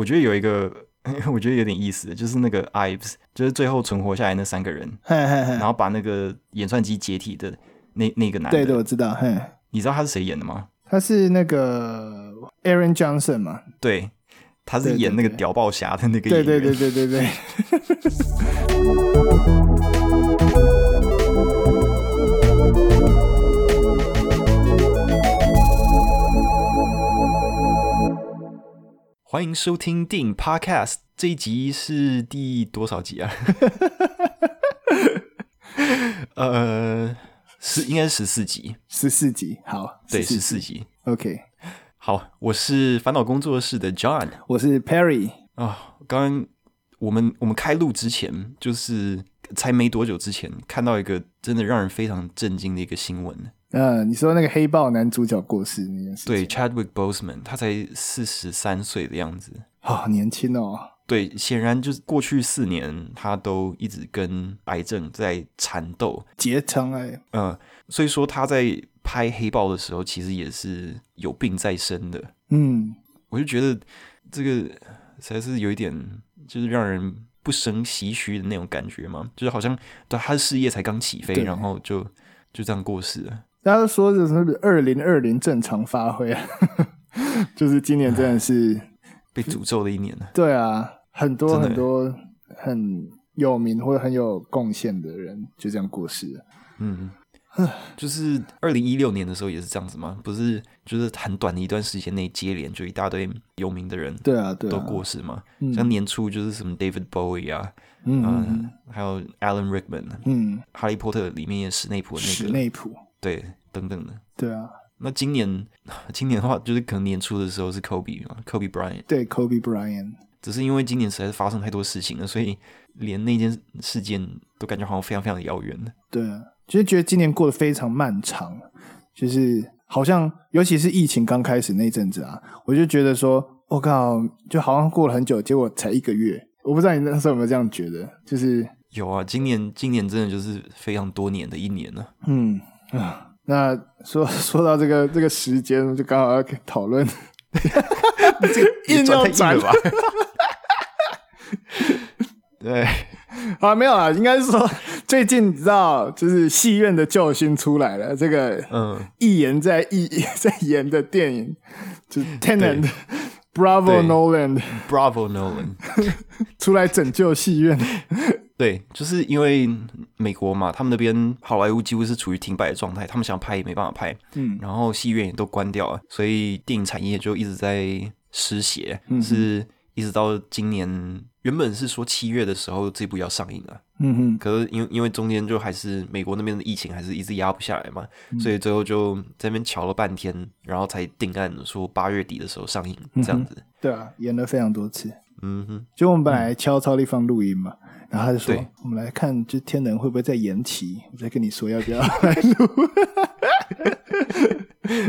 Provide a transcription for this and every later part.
我覺得有一個， 我覺得有點意思，就是那個 Ives，就是最後存活下來那三個人，hey, hey, hey. 然後把那個演算機解體的那那個男的。對的，我知道。嘿，hey. 你知道他是誰演的嗎？他是那個 Aaron Johnson 嘛，對，他是演那個屌爆俠的那個演員。對對對對對對,對,對,對。 歡迎收聽電影 Podcast，這一集是第多少集啊？ 呃，十，應該是十四集，十四集，好，對，十四集，OK，好，我是煩惱工作室的 John，我是 Perry 啊、哦。剛剛我們我們開錄之前，就是才沒多久之前，看到一個真的讓人非常震驚的一個新聞。嗯，你說那個黑豹男主角過世那件事，對，Chadwick Boseman，他才四十三歲的樣子，好、哦、年輕哦。對，顯然就是過去四年他都一直跟癌症在纏鬥，結腸癌、哎。嗯，所以說他在拍黑豹的時候，其實也是有病在身的。嗯，我就覺得這個才是有一點就是讓人不勝唏噓的那種感覺嘛，就是好像對他的事業才剛起飛，然後就就這樣過世了。大家都說這是二零二零正常發揮，啊， 就是今年真的是被詛咒的一年了。對啊，很多很多很有名或者很有貢獻的人就這樣過世。嗯，就是二零一六年的時候也是這樣子嘛，不是就是很短的一段時間內接連就一大堆有名的人對啊，都過世嘛。像年初就是什麼 David Bowie 啊嗯，嗯，還有 Alan Rickman，嗯，哈利波特裡面也史內普的那個。Snape 對，等等的。對啊，那今年，今年的話，就是可能年初的時候是 Kobe 科比嘛，Kobe Bryant。對，Kobe Bryant。只是因為今年實在是發生太多事情了，所以連那件事件都感覺好像非常非常遙遠。對啊，其實覺得今年過得非常漫長，就是好像，尤其是疫情剛開始那陣子啊，我就覺得說，我靠，就好像過了很久，結果才一個月。我不知道你那時候有沒有這樣覺得？就是有啊，今年，今年真的就是非常多年的一年了啊。嗯。啊、嗯，那說說到這個這個時間，就剛好要討論， 你這個硬轉太硬了吧？ 對，啊，沒有啊，應該是說最近你知道，就是戲院的救星出來了，這個嗯，言在一、嗯、在演的電影就是 Tenet，Bravo Nolan，Bravo Nolan， 出來拯救戲院。 對，就是因為美國嘛，他們那邊好萊塢幾乎是處於停擺的狀態，他們想拍也沒辦法拍。嗯，然後戲院也都關掉了，所以電影產業就一直在失血，嗯、是一直到今年。原本是說七月的時候這部要上映了，嗯，可是因為因為中間就還是美國那邊的疫情還是一直壓不下來嘛，嗯、所以最後就在那邊喬了半天，然後才定案說八月底的時候上映，嗯、這樣子。對啊，演了非常多次，嗯哼，就我們本來敲超立方錄音嘛。嗯然後他就說：“我們來看，就天能會不會再延期？我再跟你說要不要來錄。”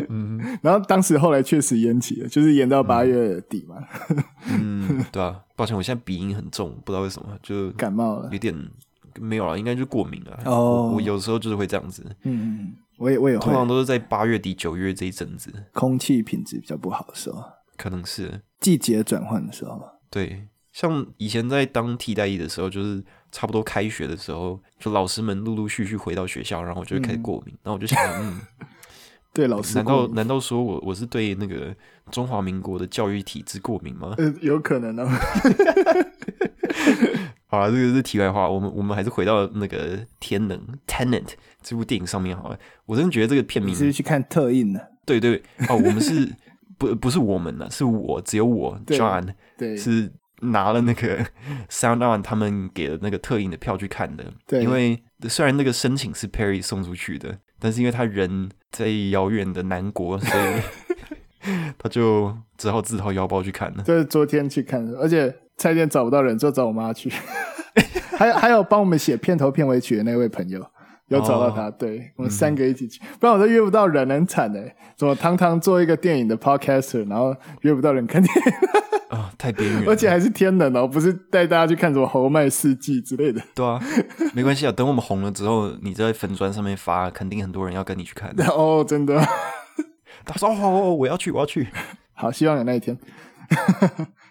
嗯，然後當時後來確實延期了，就是延到八月底嘛。 嗯，對啊，抱歉，我現在鼻音很重，不知道為什麼，就感冒了，有點沒有了，應該就過敏了。哦、oh,，我有時候就是會這樣子。嗯嗯，我也我也會通常都是在八月底九月這一陣子，空氣品質比較不好的時候，可能是季節轉換的時候。對。像以前在當替代役的時候，就是差不多開學的時候，就老師們陸陸續、續續回到學校，然後我就開始過敏，嗯，然後我就想，嗯， 對老師，難道難道說我我是對那個中華民國的教育體制過敏嗎？呃、有可能啊。 好啊，這個是題外話，我們我們還是回到那個《天能 Tenet》Tenet, 這部電影上面好了。我真的覺得這個片名你是，是去看特映的，啊，對對，對哦，我們是不不是我們呢，啊，是我只有我對 John 對是。拿了那個 SoundOn 他們給的那個特映的票去看的。對。因為雖然那個申請是 Perry 送出去的，但是因為他人在遙遠的南國，所以 他就只好自掏腰包去看了。就是昨天去看的，而且差點找不到人，就找我媽去， 還還有幫我們寫片頭片尾曲的那位朋友。有找到他。哦，對，我們三個一起去，嗯、不然我都約不到人，很慘哎！怎麼堂堂做一個電影的 podcaster，然後約不到人看電影啊，哦？太邊緣了。而且還是天能哦，我不是帶大家去看什麼侯麥四季之類的。對啊，沒關係啊，等我們紅了之後，你在粉專上面發，肯定很多人要跟你去看。哦，真的，他說哦，哦，哦，我要去，我要去，好，希望有那一天，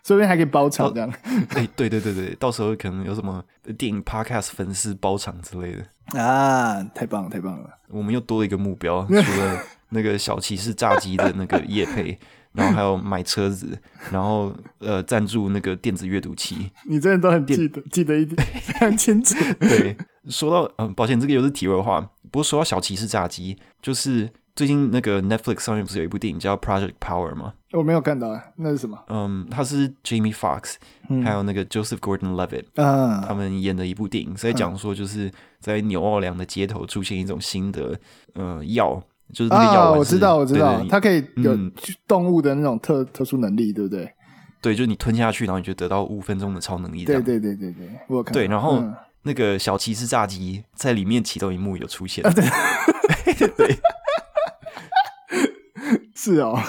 順 便還可以包場，這樣。哎、哦欸，對對對對，到時候可能有什麼電影 podcast 粉絲包場之類的。啊，太棒了太棒了！我們又多了一個目標，除了那個小騎士炸雞的那個業配， 然後還有買車子，然後呃贊助那個電子閱讀器。你真的都很記得記得一點非常清楚。 對，說到嗯、呃，抱歉，這個又是題外話，不過說到小騎士炸雞，就是。最近那個 Netflix 上面不是有一部電影叫《Project Power》嗎？我沒有看到，那是什麼？嗯，它是 Jamie Foxx，、嗯、還有那個 Joseph Gordon Levitt，嗯，他們演的一部電影，嗯電影嗯、所以講說就是在紐奧良的街頭出現一種新的，嗯、呃，藥，就是那個藥、啊，我知道，我知道對對對，它可以有動物的那種特特殊,、嗯、特殊能力，對不對？對，就是你吞下去，然後你就得到五分鐘的超能力，對對對對對，我看，對，然後那個小騎士炸雞在裡面啟動一幕有出現，對、嗯、 對。 是哦，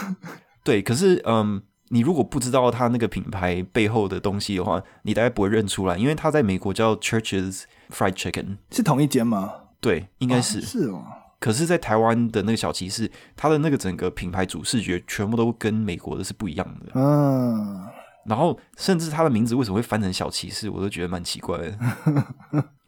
對，可是嗯，你如果不知道他那個品牌背後的東西的話，你大概不會認出來，因為他在美國叫 Church's Fried Chicken，是同一間嗎？對，應該是、啊、是哦。可是，在台灣的那個小騎士，他的那個整個品牌主視覺，全部都跟美國的是不一樣的。嗯、啊，然後甚至他的名字為什麼會翻成小騎士，我都覺得蠻奇怪的，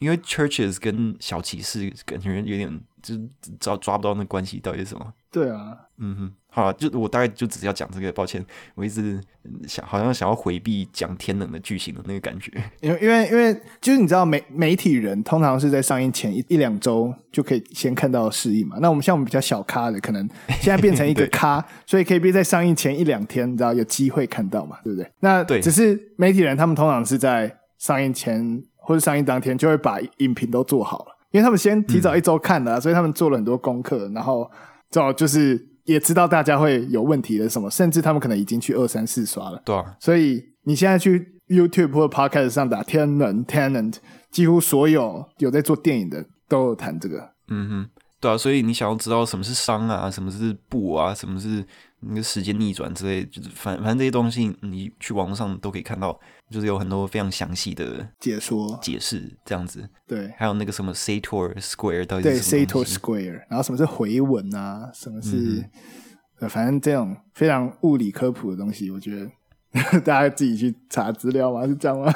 因為 Church's 跟小騎士感覺有點就抓抓不到那關係到底是什麼？對啊，嗯哼。好啦，就我大概就只是要講這個，抱歉，我一直想好像想要回避講天能的劇情的那個感覺，因為因為因為就是你知道媒媒體人通常是在上映前一一兩週就可以先看到試映嘛，那我們像我們比較小咖的，可能現在變成一個咖， 所以可以比在上映前一兩天，你知道有機會看到嘛，對不對？那，對，只是媒體人他們通常是在上映前或者上映當天就會把影評都做好了，因為他們先提早一週看了啦，嗯，所以他們做了很多功課，然後正好就是。也知道大家會有問題的什麼，甚至他們可能已經去二三四刷了。對啊，所以你現在去 YouTube 或 Podcast 上打天能 Tenet，幾乎所有有在做電影的都有談這個。嗯哼，對啊，所以你想要知道什麼是熵啊，什麼是布啊，什麼是。那個時間逆轉之類，就是反正反正這些東西，你去網絡上都可以看到，就是有很多非常詳細的解說、解釋這樣子。對，還有那個什麼 Sator Square 到底對 Sator Square，然後什麼是回文啊？什麼是呃、嗯，反正這種非常物理科普的東西，我覺得大家自己去查資料嘛，是這樣嗎？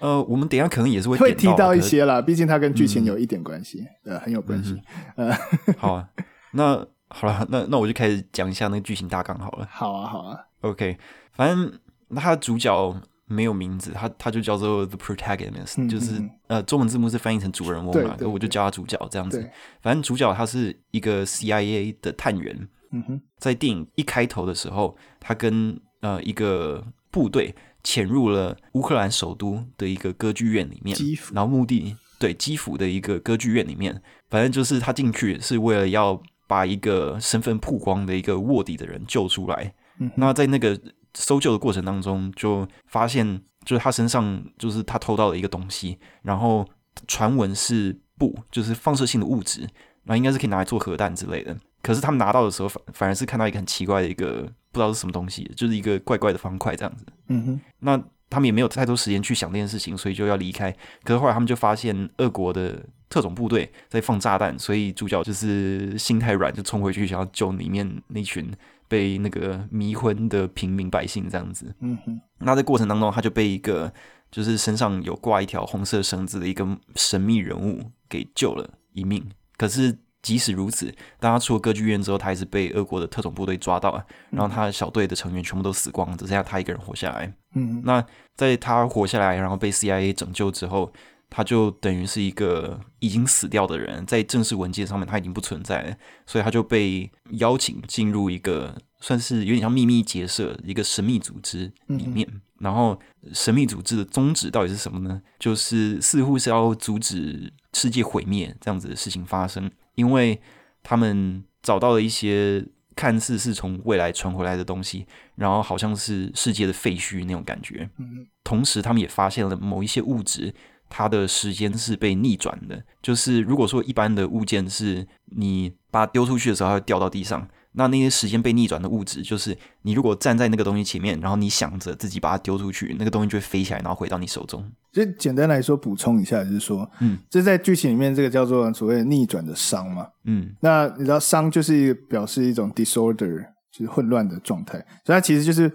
呃，我們等一下可能也是會、啊、會提到一些啦，畢竟它跟劇情有一點關係，呃、嗯，很有關係、嗯。呃，好、啊，那。好了，那那我就開始講一下那個劇情大綱好了。好啊，好啊。OK，反正他的主角沒有名字，他他就叫做 The Protagonist，嗯嗯，就是呃中文字幕是翻譯成主人翁嘛，那我就叫他主角這樣子對對對。反正主角他是一個 CIA 的探員，嗯哼，在電影一開頭的時候，他跟呃一個部隊潛入了烏克蘭首都的一個歌劇院裡面，基輔，然後墓地對基輔的一個歌劇院裡面，反正就是他進去是為了要。把一個身份曝光的一個臥底的人救出來，那在那個搜救的過程當中，就發現就是他身上就是他偷到了一個東西，然後傳聞是鈽，就是放射性的物質，那應該是可以拿來做核彈之類的。可是他們拿到的時候反，反反而是看到一個很奇怪的一個不知道是什麼東西，就是一個怪怪的方塊這樣子。嗯哼，那他們也沒有太多時間去想這件事情，所以就要離開。可是後來他們就發現俄國的。特種部隊在放炸彈，所以主角就是心太軟，就衝回去想要救裡面那群被那個迷昏的平民百姓。這樣子，嗯哼。那在過程當中，他就被一個就是身上有掛一條紅色繩子的一個神秘人物給救了一命。可是即使如此，當他出了歌劇院之後，他還是被俄國的特種部隊抓到了，然後他的小隊的成員全部都死光，只剩下他一個人活下來。嗯，那在他活下來，然後被 CIA 拯救之後。他就等於是一個已經死掉的人，在正式文件上面他已經不存在了，所以他就被邀請進入一個算是有點像秘密結社一個神秘組織裡面，嗯。然後神秘組織的宗旨到底是什麼呢？就是似乎是要阻止世界毀滅這樣子的事情發生，因為他們找到了一些看似是從未來傳回來的東西，然後好像是世界的廢墟那種感覺。嗯。同時他們也發現了某一些物質。它的時間是被逆轉的，就是如果說一般的物件是你把它丟出去的時候，它會掉到地上，那那些時間被逆轉的物質，就是你如果站在那個東西前面，然後你想着自己把它丟出去，那個東西就會飛起來，然後回到你手中。就簡單來說，補充一下，就是說，嗯，這在劇情裡面這個叫做所謂逆轉的熵嘛，嗯，那你知道熵就是一個表示一種 disorder，就是混亂的狀態，所以它其實就是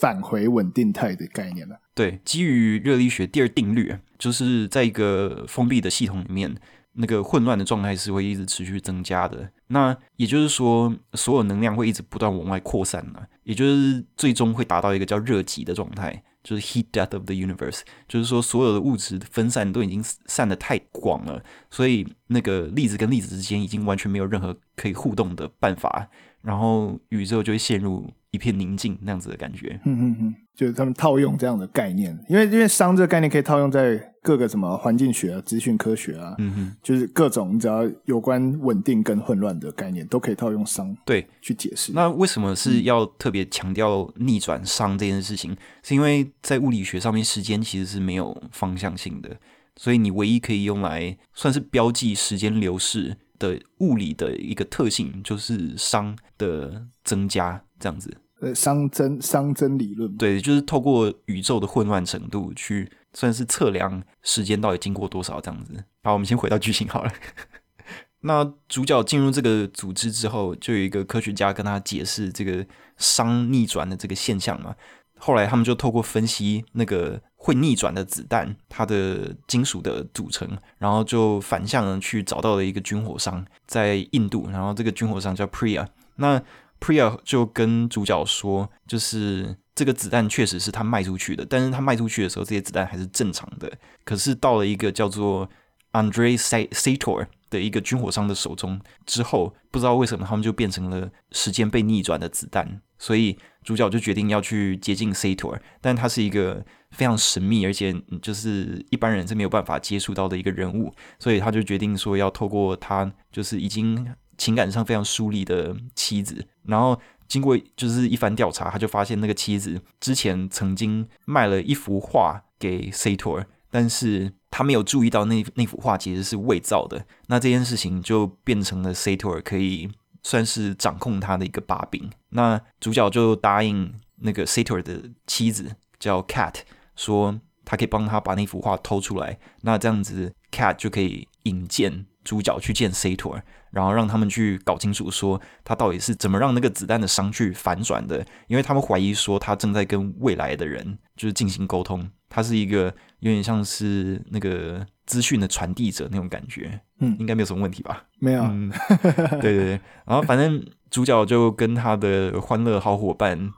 返回穩定態的概念了。對，基於熱力學第二定律，就是在一個封閉的系統裡面，那個混亂的狀態是會一直持續增加的。那也就是說，所有能量會一直不斷往外擴散了，啊，也就是最終會達到一個叫熱寂的狀態，就是 heat death of the universe。就是說，所有的物質分散都已經散得太廣了，所以那個粒子跟粒子之間已經完全沒有任何可以互動的辦法，然後宇宙就會陷入。一片寧靜那樣子的感覺，嗯嗯嗯，就是他們套用這樣的概念，嗯、因為因為熵這個概念可以套用在各個什麼環境學啊、資訊科學啊，嗯哼，就是各種你只要有關穩定跟混亂的概念都可以套用熵，對，去解釋。那為什麼是要特別強調逆轉熵這件事情、嗯？是因為在物理學上面，時間其實是沒有方向性的，所以你唯一可以用來算是標記時間流逝的物理的一個特性，就是熵的增加。這樣子，呃，熵增熵增理論，對，就是透過宇宙的混亂程度去算是測量時間到底經過多少這樣子。好，我們先回到劇情好了。那主角進入這個組織之後，就有一個科學家跟他解釋這個熵逆轉的這個現象嘛。後來他們就透過分析那個會逆轉的子彈它的金屬的組成，然後就反向去找到了一個軍火商在印度，然後這個軍火商叫 Priya。那 Priya 就跟主角說：“就是這個子彈確實是他賣出去的，但是他賣出去的時候，這些子彈還是正常的。可是到了一個叫做 Andrei Sator 的一個軍火商的手中之後，不知道為什麼他們就變成了時間被逆轉的子彈。所以主角就決定要去接近 Sator，但他是一個非常神秘，而且就是一般人是沒有辦法接觸到的一個人物。所以他就決定說要透過他，就是已經。”情感上非常疏離的妻子，然後經過就是一番調查，他就發現那個妻子之前曾經賣了一幅畫給 Sator，但是他沒有注意到那那幅畫其實是偽造的。那這件事情就變成了 Sator 可以算是掌控他的一個把柄。那主角就答應那個 Sator 的妻子叫 Cat，說他可以幫他把那幅畫偷出來。那這樣子 Cat 就可以引薦。主角去見 Sator，然後讓他們去搞清楚，說他到底是怎麼讓那個子彈的熵去反轉的？因為他們懷疑說他正在跟未來的人就是進行溝通，他是一個有點像是那個資訊的傳遞者那種感覺。嗯，應該沒有什麼問題吧？沒有。嗯、對對對。然後反正。 主角就跟他的歡樂好夥伴，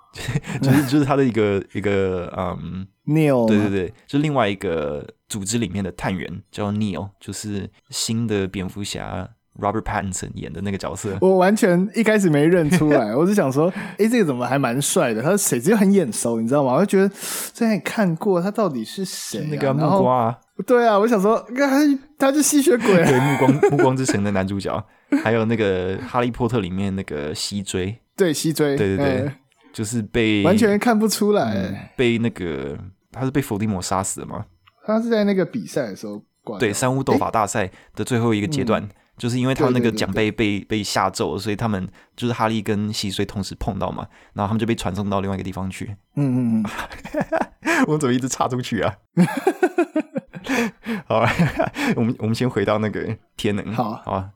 就是就是他的一個 一個、一個，嗯，Neil 對對對，是另外一個組織裡面的探員，叫 Neil，就是新的蝙蝠俠。Robert Pattinson 演的那個角色，我完全一開始沒認出來， 我就想說，哎、欸，這個怎麼還蠻帥的？他是誰，就很眼熟，你知道嗎？我就覺得之前看過他到底是誰、啊？那個、啊、木瓜、啊？對啊，我想說，他他是，他是吸血鬼、啊，對《暮光暮光之城》的男主角， 還有那個《哈利波特》裡面那個西追，對西追，對對對，欸、就是被完全看不出來、嗯，被那個他是被佛地魔殺死的嗎？他是在那個比賽的時候掛，對三巫鬥法大賽的最後一個階段。欸嗯就是因為他們那個獎杯被對對對對被下咒所以他們就是哈利跟西瑞同時碰到嘛，然後他們就被傳送到另外一個地方去。嗯嗯嗯， 我怎麼一直插出去啊？ 好，我們 我們先回到那個天能。好好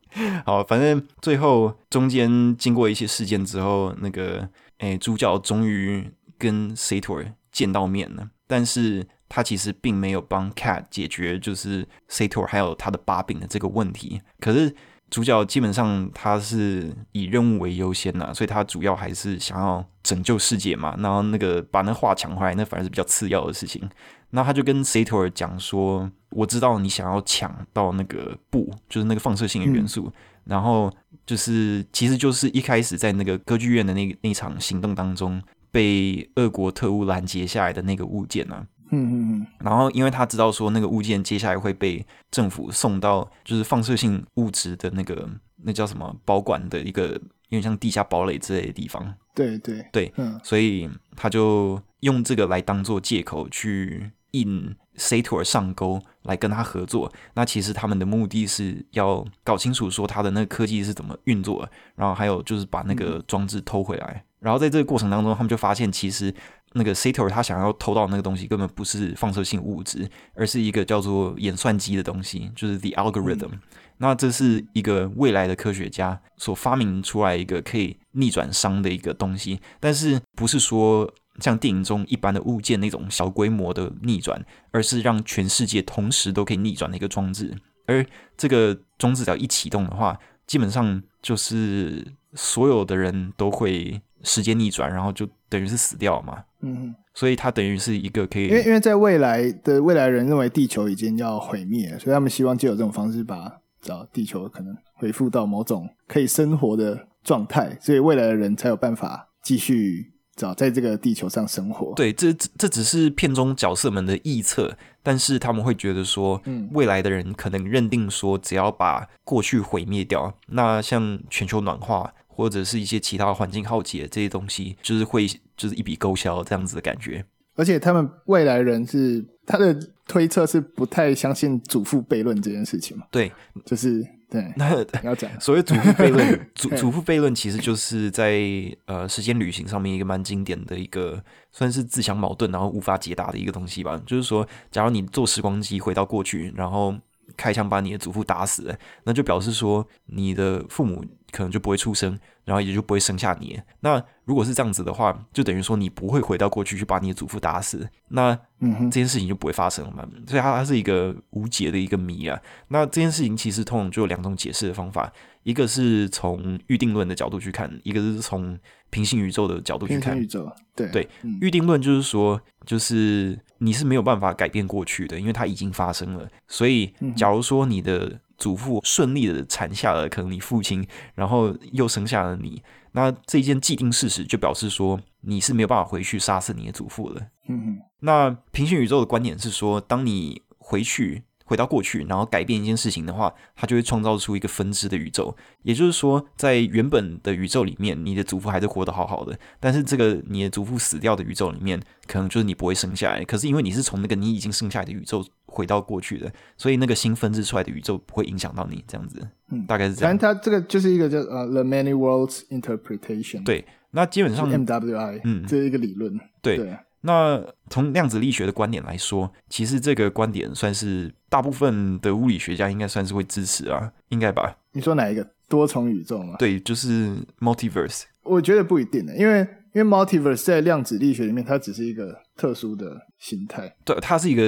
好，反正最後中間經過一些事件之後，那個誒、欸、主角終於跟塞托爾見到面了，但是。他其實並沒有幫 Cat 解決，就是 Sator 還有他的把柄的這個問題。可是主角基本上他是以任務為優先吶、啊，所以他主要還是想要拯救世界嘛。然後那個把那畫搶回來，那反而是比較次要的事情。那他就跟 Sator 講說：“我知道你想要搶到那個鈽，就是那個放射性的元素、嗯。然後就是，其實就是一開始在那個歌劇院的那那一場行動當中，被俄國特務攔截下來的那個物件吶。”嗯嗯嗯，然後因為他知道說那個物件接下來會被政府送到，就是放射性物質的那個，那叫什麼，保管的一個有點像地下堡壘之類的地方。對對對，嗯，所以他就用這個來當作借口去引 Sator 上鈎來跟他合作。那其實他們的目的是要搞清楚說他的那個科技是怎麼運作，然後還有就是把那個裝置偷回來。嗯然後在這個過程當中，他們就發現，其實那個 Sator 他想要偷到那個東西，根本不是放射性物質，而是一個叫做演算機的東西，就是 the algorithm。嗯。那這是一個未來的科學家所發明出來一個可以逆轉熵的一個東西，但是不是說像電影中一般的物件那種小規模的逆轉，而是讓全世界同時都可以逆轉的一個裝置。而這個裝置只要一啟動的話，基本上就是所有的人都會。時間逆轉，然後就等於是死掉了嘛。嗯，所以它等於是一個可以，因為因為在未來的未來的人認為地球已經要毀滅了，所以他們希望藉由這種方式把找地球可能恢復到某種可以生活的狀態，所以未來的人才有辦法繼續找在這個地球上生活。對，這這這只是片中角色們的臆測，但是他們會覺得說，嗯，未來的人可能認定說，只要把過去毀滅掉，那像全球暖化。或者是一些其他環境浩劫這些東西，就是會就是一筆勾銷這樣子的感覺。而且他們未來人是他的推測是不太相信祖父悖論這件事情嘛？對，就是對。那你要講所謂祖父悖論， 祖祖父悖論其實就是在呃時間旅行上面一個蠻經典的一個算是自相矛盾，然後無法解答的一個東西吧。就是說，假如你坐時光機回到過去，然後開槍把你的祖父打死，那就表示說你的父母。可能就不會出生，然後也就不會生下你。那如果是這樣子的話，就等於說，你不會回到過去去把你的祖父打死，那這件事情就不會發生了嘛。嗯、所以它，它是一個無解的一個謎啊。那這件事情其實通常就有兩種解釋的方法，一個是從預定論的角度去看，一個是從平行宇宙的角度去看。平行宇宙，對對。預、嗯、定論就是說，就是你是沒有辦法改變過去的，因為它已經發生了。所以，嗯、假如說你的。祖父順利的產下了，可能你父親，然後又生下了你。那這一件既定事實就表示說，你是沒有辦法回去殺死你的祖父了。嗯嗯。那平行宇宙的觀點是說，當你回去。回到過去，然後改變一件事情的話，它就會創造出一個分支的宇宙。也就是說，在原本的宇宙裡面，你的祖父還是活得好好的。但是，這個你的祖父死掉的宇宙裡面，可能就是你不會生下來。可是，因為你是從那個你已經生下來的宇宙回到過去的，所以那個新分支出來的宇宙不會影響到你。這樣子，嗯，大概是這樣。但它這個就是一個叫呃，uh，the many worlds interpretation。對，那基本上，就是 MWI，嗯，這是一個理論。對。對那從量子力學的觀點來說，其實這個觀點算是大部分的物理學家應該算是會支持啊，應該吧？你說哪一個？多重宇宙嗎？對，就是 multiverse。我覺得不一定呢，因為因為 multiverse 在量子力學裡面，它只是一個特殊的形態。對，它是一個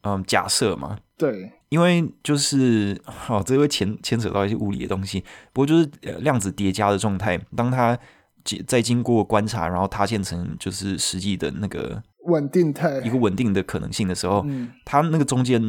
嗯、呃、假設嘛。對，因為就是好、哦，這會牽牽扯到一些物理的東西。不過就是、呃、量子疊加的狀態，當它。再經過觀察，然後塌陷成，就是實際的那個穩定態，一個穩定的可能性的時候，嗯、它那個中間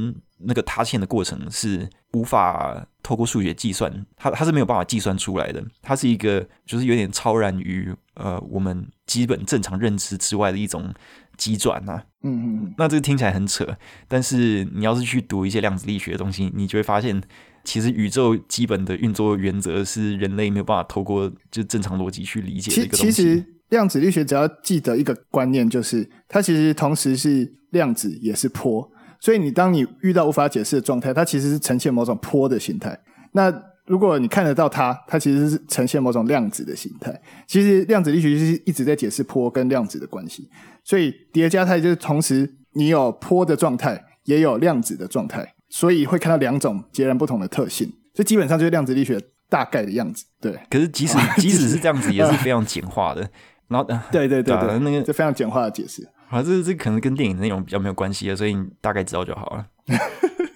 那個塌陷的過程是無法透過數學計算，它它是沒有辦法計算出來的，它是一個就是有點超然於呃我們基本正常認知之外的一種機轉啊嗯、嗯，那這個聽起來很扯，但是你要是去讀一些量子力學的東西，你就會發現，其實宇宙基本的運作原則是人類沒有辦法透過就正常邏輯去理解的一個東西其。其實量子力學只要記得一個觀念，就是它其實同時是量子也是波。所以你當你遇到無法解釋的狀態，它其實是呈現某種波的形態。那如果你看得到它，它其實是呈現某種量子的形態。其實量子力學就是一直在解釋波跟量子的關係。所以疊加態就是同時你有波的狀態，也有量子的狀態。所以會看到兩種截然不同的特性，所以基本上就是量子力學大概的樣子，對。可是即使、啊、即使是這樣子也是非常簡化的，嗯、然後對對對對、啊、對對對，那個就非常簡化的解釋。好、啊、這這可能跟電影內容比較沒有關係，所以你大概知道就好了。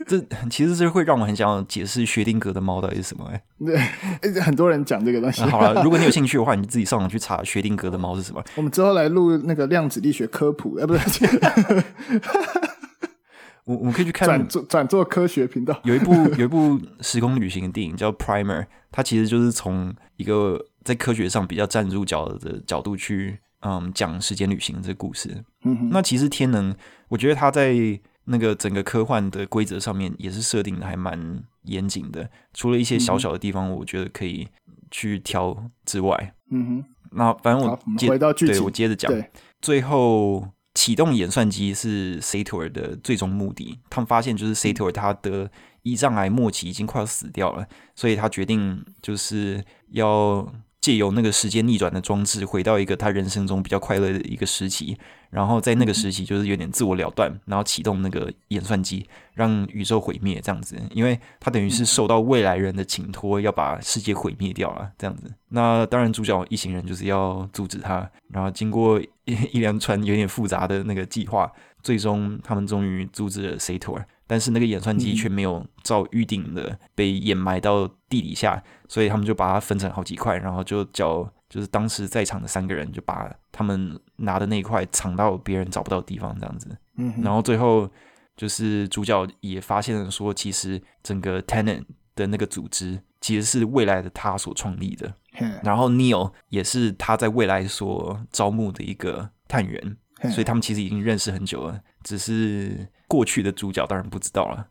這其實是會讓我很想要解釋薛定諤的貓到底是什麼、欸。對、欸，很多人講這個東西。嗯、好了，如果你有興趣的話，你自己上網去查薛定諤的貓是什麼。我們之後來錄那個量子力學科普，呃、欸，不是。 我我們可以去看轉做，轉做科學頻道，有一部有一部時空旅行的電影叫《Primer 》，它其實就是從一個在科學上比較站住腳的角度去嗯講時間旅行的這個故事。嗯哼。那其實天能，我覺得它在那個整個科幻的規則上面也是設定的還蠻嚴謹的，除了一些小小的地方，我覺得可以去挑之外，嗯哼。那反正我接，我對我接着講，最後。啟動演算機是 Sator 的最終目的。他們發現就是 Sator，他的胰臟癌末期已經快要死掉了，所以他決定就是要。借由那個時間逆轉的裝置，回到一個他人生中比較快樂的一個時期，然後在那個時期就是有點自我了斷，然後啟動那個演算機，讓宇宙毀滅這樣子，因為他等於是受到未來人的請托，要把世界毀滅掉了這樣子。那當然，主角一行人就是要阻止他，然後經過一連串有點複雜的那個計劃，最終他們終於阻止了 Sator。但是那個演算機卻沒有照預定的被掩埋到地底下，所以他們就把它分成好幾塊，然後就叫就是當時在場的三個人就把他們拿的那一塊藏到別人找不到的地方這樣子。嗯，然後最後就是主角也發現了，說其實整個 Tenet 的那個組織其實是未來的他所創立的。嗯，然後 Neil 也是他在未來所招募的一個探員，嗯，所以他們其實已經認識很久了，只是。過去的主角當然不知道了，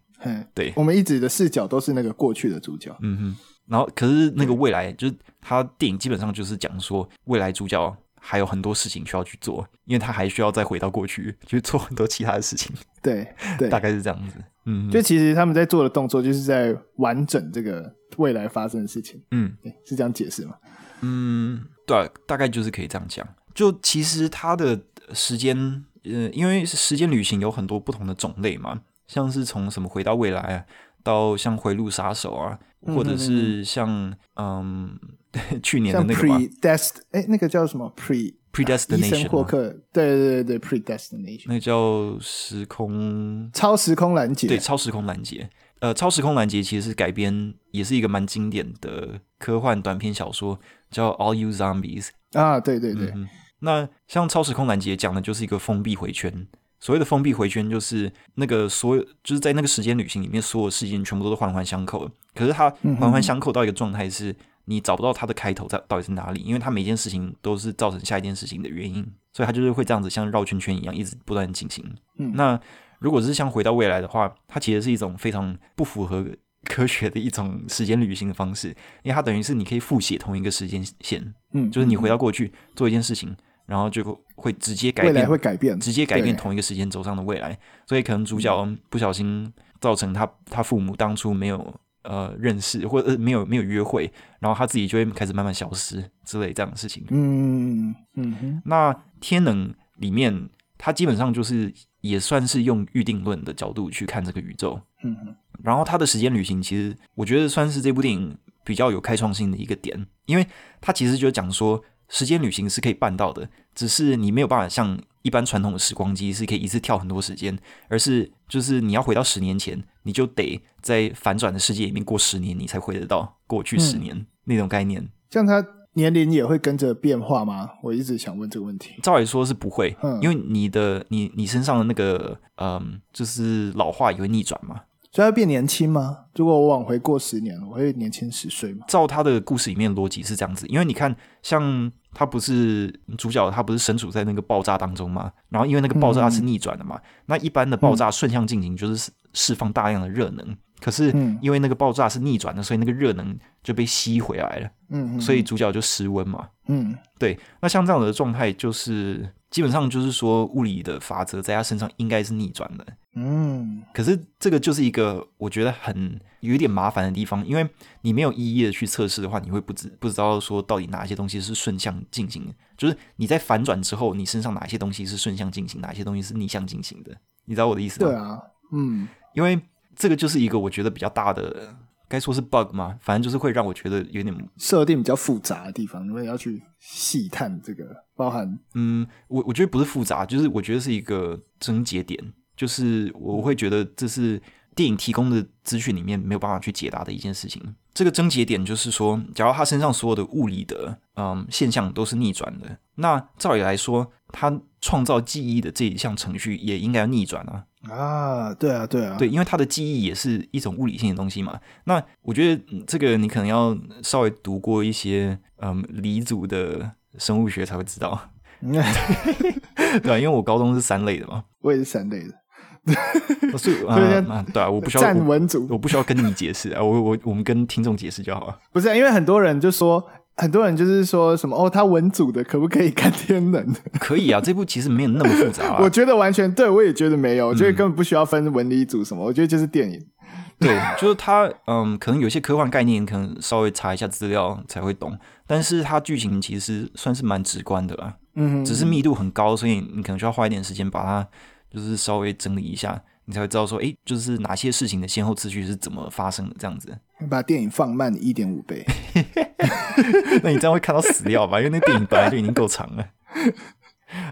對，我們一直的視角都是那個過去的主角，嗯哼，然後可是那個未來，就是他電影基本上就是講說未來主角還有很多事情需要去做，因為他還需要再回到過去，去做很多其他的事情，對，對，大概是這樣子，嗯，就其實他們在做的動作就是在完整這個未來發生的事情，嗯，是這樣解釋嗎？嗯，對啊，大概就是可以這樣講，就其實他的時間。呃，因為時間旅行有很多不同的種類嘛，像是從什麼回到未來、啊，到像回路殺手啊、嗯，或者是像嗯，嗯，嗯去年的那個嘛、欸，那個叫什麼 pre predestination 或、啊、者、啊、對對對，對 predestination，那個、叫時空超時空攔截，對超時空攔截，呃，超時空攔截其實是改編，也是一個蠻經典的科幻短篇小說，叫 All You Zombies 啊，對對對，對。嗯那像超時空攔截講的就是一個封閉回圈，所謂的封閉回圈就是那個所有，就是在那個時間旅行裡面所有事情全部都是環環相扣的，可是它環環相扣到一個狀態是你找不到它的開頭在到底是哪裡，因為它每一件事情都是造成下一件事情的原因，所以它就是會這樣子像繞圈圈一樣一直不斷進行。嗯，那如果是像回到未來的話，它其實是一種非常不符合科學的一種時間旅行的方式，因為它等於是你可以複寫同一個時間線，嗯，就是你回到過去做一件事情。然後就會直接改變，未來會改變，直接改變同一個時間軸上的未來，所以可能主角不小心造成他、嗯、他父母當初沒有呃認識，或者沒有沒有約會，然後他自己就會開始慢慢消失之類這樣的事情。嗯嗯、嗯、嗯，那天能裡面，他基本上就是也算是用預定論的角度去看這個宇宙。嗯嗯。然後他的時間旅行其實我覺得算是這部電影比較有開創性的一個點，因為他其實就講說。時間旅行是可以辦到的，只是你沒有辦法像一般傳統的時光機是可以一次跳很多時間，而是就是你要回到十年前，你就得在反轉的世界裡面過十年，你才回得到過去十年，嗯、那種概念。像他年齡也會跟着變化嗎？我一直想問這個問題。照理說是不會，嗯、因為你的你你身上的那個嗯，就是老化也會逆轉嘛，所以他變年輕嗎？如果我往回過十年，我會年輕十歲嗎？照他的故事裡面的邏輯是這樣子，因為你看像。他不是主角，他不是身處在那個爆炸當中嗎？然後因為那個爆炸是逆轉的嘛，嗯，那一般的爆炸順向進行就是釋放大量的熱能，嗯，可是因為那個爆炸是逆轉的，所以那個熱能就被吸回來了，嗯，所以主角就失溫嘛，嗯，嗯，對，那像這樣的狀態就是。基本上就是說，物理的法則在他身上應該是逆轉的。嗯，可是這個就是一個我覺得很有一點麻煩的地方，因為你沒有一一的去測試的話，你會不知不知道說到底哪些東西是順向進行的，就是你在反轉之後，你身上哪些東西是順向進行，哪些東西是逆向進行的，你知道我的意思嗎？對啊，嗯，因為這個就是一個我覺得比較大的。該說是 bug 嗎？反正就是會讓我覺得有點設定比較複雜的地方，因為要去細探這個。包含，嗯，我我覺得不是複雜，就是我覺得是一個症結點，就是我會覺得這是電影提供的資訊裡面沒有辦法去解答的一件事情。這個症結點就是說，假如他身上所有的物理的，嗯，現象都是逆轉的，那照理來說，他創造記憶的這一項程序也應該要逆轉啊。啊，對啊，對啊，對，因為他的記憶也是一種物理性的東西嘛。那我覺得這個你可能要稍微讀過一些嗯理組的生物學才會知道，對， 對啊，因為我高中是三類的嘛。我也是三類的，對、 啊， 啊，對啊，我不需要我，站文組，我不需要跟你解釋啊，我我我們跟聽眾解釋就好了。不是啊，因為很多人就說。很多人就是說什麼哦，他文組的可不可以看天能？可以啊，這部其實沒有那麼複雜。 我覺得完全對，我也覺得沒有，我覺得根本不需要分文理組什麼，嗯、我覺得就是電影。對，就是他嗯，可能有些科幻概念，可能稍微查一下資料才會懂，但是它劇情其實算是蠻直觀的啦。嗯，只是密度很高，所以你可能需要花一點時間把它，就是稍微整理一下。你才會知道說，哎、欸，就是哪些事情的先後次序是怎麼發生的這樣子。你把電影放慢一點五倍， 那你這樣會看到死掉吧？因為那電影本來就已經夠長了。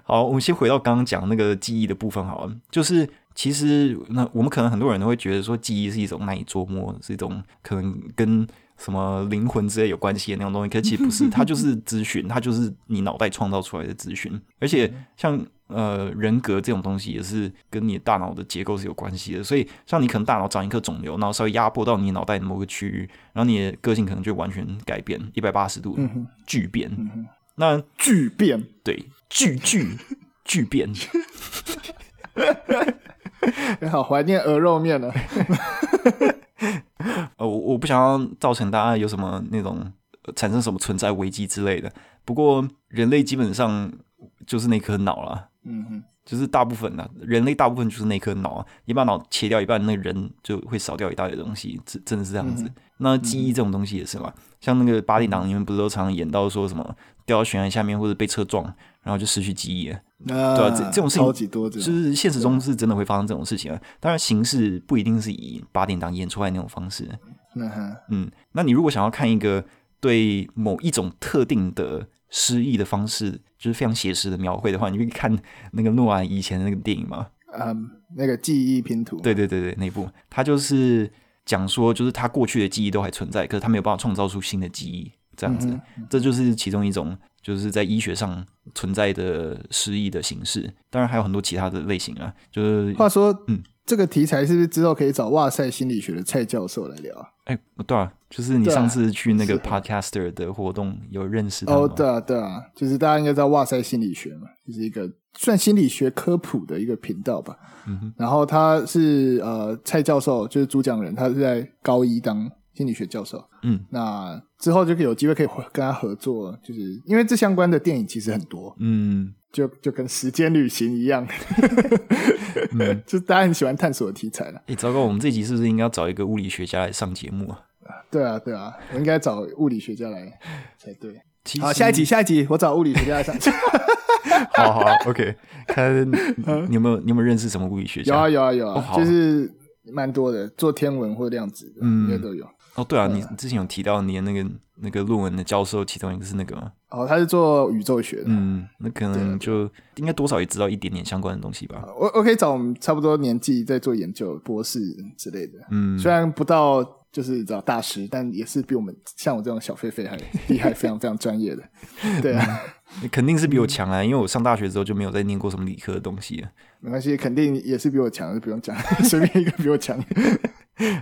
好，我們先回到剛剛講那個記憶的部分好了。就是其實那我們可能很多人都會覺得說，記憶是一種難以捉摸，是一種可能跟。什麼靈魂之類有關係的那種東西，可其實不是，它就是資訊， 它就是你腦袋創造出來的資訊。而且像呃人格這種東西，也是跟你的大腦的結構是有關係的。所以像你可能大腦長一顆腫瘤，然後稍微壓迫到你腦袋某個區域，然後你的個性可能就完全改變一百八十度，嗯，巨變。嗯、那巨變，對，巨巨巨變。 好懷念鵝肉麵了。 我我不想要造成大家有什麼那種、呃、產生什麼存在危機之類的。不過人類基本上就是那顆腦啦，嗯就是大部分的，人類大部分就是那顆腦、啊。你把腦切掉一半，那個人就會少掉一大堆東西，真真的是這樣子、嗯。那記憶這種東西也是嘛，像那個八點檔，你們不是都常常演到說什麼掉到懸崖下面或者被車撞？然後就失去記憶了，對、啊、這，這種事情超級多，就是現實中是真的會發生這種事情當然，形式不一定是以八點檔演出來的那種方式。嗯嗯，那你如果想要看一個對某一種特定的失憶的方式，就是非常寫實的描繪的話，你可以看那個諾蘭以前的那個電影嗎？嗯，那個記憶拼圖。對對對對，那部他就是講說，就是他過去的記憶都還存在，可是他沒有辦法創造出新的記憶。這樣子，嗯嗯，這就是其中一種，就是在醫學上存在的失憶的形式。當然還有很多其他的類型啊。就是話說，嗯，這個題材是不是之後可以找哇塞心理學的蔡教授來聊啊？哎，對啊，就是你上次去那個 Podcaster 的活動有認識哦？對啊，對啊，就是大家應該知道哇塞心理學嘛，就是一個算心理學科普的一個頻道吧。嗯哼，然後他是呃蔡教授，就是主講人，他是在高一當心理學教授，嗯，那之後就有機會可以跟他合作，就是因為這相關的電影其實很多，嗯，就就跟時間旅行一樣， 嗯、就是大家很喜歡探索的題材了。你、欸、糟糕，我們這集是不是應該要找一個物理學家來上節目啊？對啊，對啊，我應該找物理學家來才對。好，下一集，下一集，我找物理學家來上節目。 好好，OK，看、嗯、你，你有沒有，你有沒有認識什麼物理學家？有啊，有啊，有啊，哦、啊就是蠻多的，做天文或量子的，嗯、應該都有。哦，對啊，你之前有提到你的那個那個論文的教授，其中一個是那個嗎？哦，他是做宇宙學的。嗯，那可能就應該多少也知道一點點相關的東西吧。啊、我我可以找我們差不多年紀在做研究博士之類的。嗯，雖然不到就是找大師，但也是比我們像我這種小飛飛還 厲害，非常非常專業的。 對啊，你肯定是比我強啊，因為我上大學之後就沒有再念過什麼理科的東西。沒關係，肯定也是比我強，就不用講，隨便一個比我強。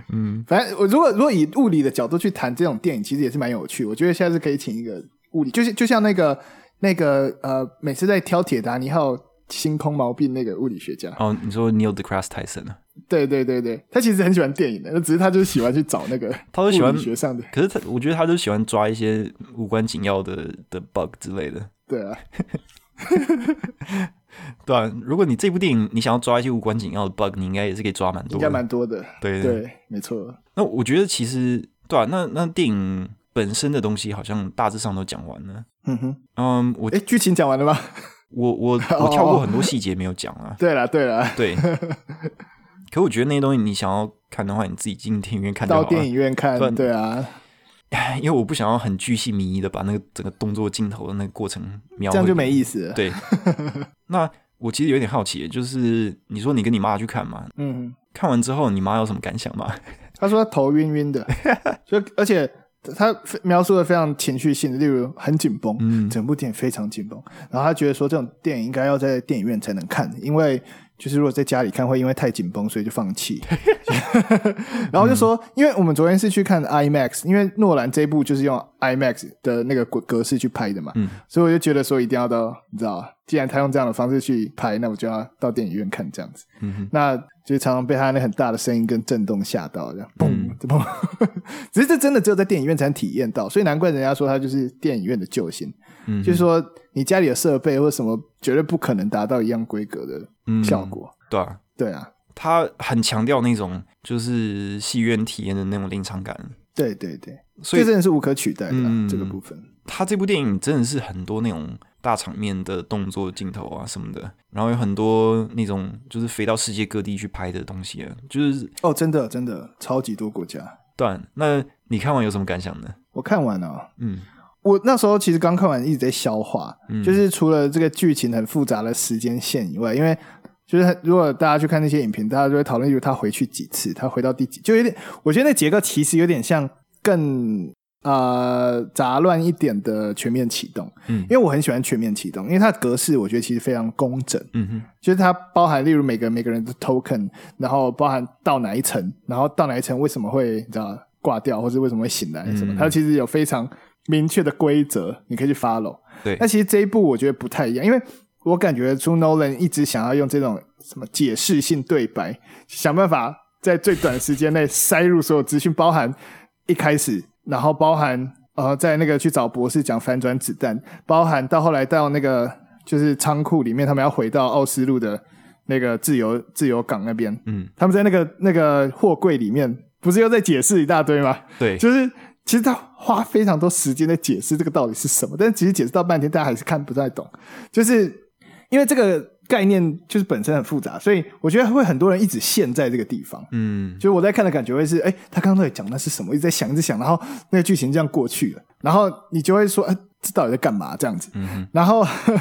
嗯，反正我如果如果以物理的角度去談這種電影，其實也是蠻有趣的。我覺得下次可以請一個物理，就是就像那個那個呃，每次在挑《鐵達尼號》星空毛病那個物理學家。哦，你說 Neil deGrasse Tyson 啊對對對對，他其實很喜歡電影的，那只是他就喜歡去找那個，他都喜歡學上的。可是他，我覺得他就喜歡抓一些無關緊要的的 bug 之類的。對啊。 對啊，如果你這部電影你想要抓一些無關緊要的 bug，你應該也是可以抓蠻多的，應該蠻多的。對的對，沒錯。那我覺得其實對啊，那那電影本身的東西好像大致上都講完了。嗯哼，嗯、um，我誒劇情講完了嗎？我我我跳過很多細節沒有講啊。哦、對啦，對啦，對。 可我覺得那些東西你想要看的話，你自己進電影院看就好了。到電影院看，對啊。對啊。因為我不想要很巨細靡遺的把那個整個動作鏡頭的那個過程描繪出來，這樣就沒意思。對， 那我其實有點好奇，就是你說你跟你媽去看嘛，嗯，看完之後你媽有什麼感想嗎？她說她頭暈暈的， 而且她描述的非常情緒性，例如很緊繃，嗯，整部電影非常緊繃，然後她覺得說這種電影應該要在電影院才能看，因為。就是如果在家裡看會因為太緊繃，所以就放棄。 對笑然後就說，因為我們昨天是去看 IMAX，因為諾蘭這一部就是用 IMAX 的那個格式去拍的嘛，所以我就覺得說一定要到，你知道既然他用這樣的方式去拍，那我就要到電影院看這樣子。那就常常被他那很大的聲音跟震動嚇到，這樣嘣，這嘣。只是這真的只有在電影院才能體驗到，所以難怪人家說他就是電影院的救星。就是說。你家裡的設備或什麼絕對不可能達到一樣規格的效果，嗯。對啊，對啊，他很強調那種就是戲院體驗的那種臨場感。對對對，所以真的是無可取代的啊，嗯，這個部分。他這部電影真的是很多那種大場面的動作鏡頭啊什麼的，然後有很多那種就是飛到世界各地去拍的東西啊，就是哦，真的真的超級多國家。對啊，那你看完有什麼感想呢？我看完了哦，嗯。我那時候其實剛看完，一直在消化，嗯。就是除了這個劇情很複雜的時間線以外，因為就是如果大家去看那些影評，大家就會討論，例如他回去幾次，他回到第幾，就有點。我覺得那結構其實有點像更呃雜亂一點的《全面啟動》。嗯，因為我很喜歡《全面啟動》，因為它的格式我覺得其實非常工整。嗯哼，就是它包含例如每個每個人的 token，然後包含到哪一層，然後到哪一層為什麼會你知道掛掉，或者為什麼會醒來什麼，嗯，它其實有非常。明確的規則，你可以去 follow。對，那其實這一步我覺得不太一樣，因為我感覺朱諾倫一直想要用這種什麼解釋性對白，想辦法在最短時間內塞入所有資訊， 包含一開始，然後包含呃，在那個去找博士講反轉子彈，包含到後來到那個就是倉庫裡面，他們要回到奧斯陸的那個自由自由港那邊，嗯，他們在那個那個貨櫃裡面，不是又在解釋一大堆嗎？對，就是。其實他花非常多時間在解釋這個到底是什麼，但其實解釋到半天，大家還是看不太懂。就是因為這個概念就是本身很複雜，所以我覺得會很多人一直陷在這個地方。嗯，就是我在看的感覺會是，哎，他剛剛到底講的是什麼？一直在想，一直想，然後那個劇情這樣過去了，然後你就會說，哎，這到底在幹嘛？這樣子。嗯、然後呵，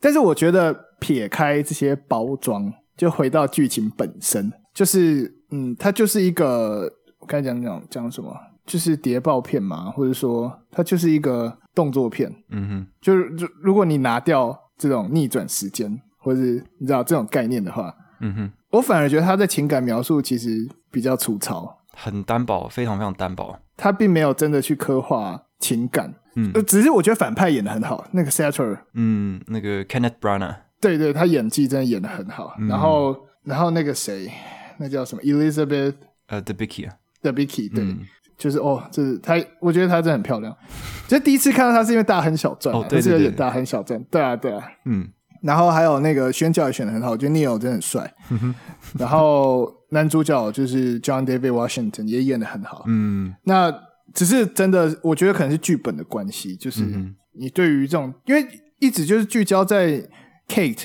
但是我覺得撇開這些包裝，就回到劇情本身，就是，嗯，它就是一個我剛才講講講什麼？就是諜報片嘛，或者說它就是一個動作片。嗯哼，就是如果你拿掉這種逆轉時間，或者是你知道這種概念的話，嗯哼，我反而覺得他的情感描述其實比較粗糙，很單薄，非常非常單薄。他並沒有真的去刻畫情感。嗯、呃，只是我覺得反派演得很好，那個 Sator，嗯，那個 Kenneth Branagh，對，對對，他演技真的演得很好、嗯。然後，然後那個誰，那叫什麼 Elizabeth 呃 h、uh, Debicki Debicki 對。嗯就是哦，就是他，我覺得他真的很漂亮。就是第一次看到他是因為大亨小傳，啊，就、哦、是演大亨小傳，對啊，對啊，嗯。然後還有那個 宣教也選的很好，我覺得 Neil 真的很帥。 然後男主角就是 John David Washington 也演的很好。嗯，那只是真的，我覺得可能是劇本的關係，就是你對於這種，因為一直就是聚焦在 Kate，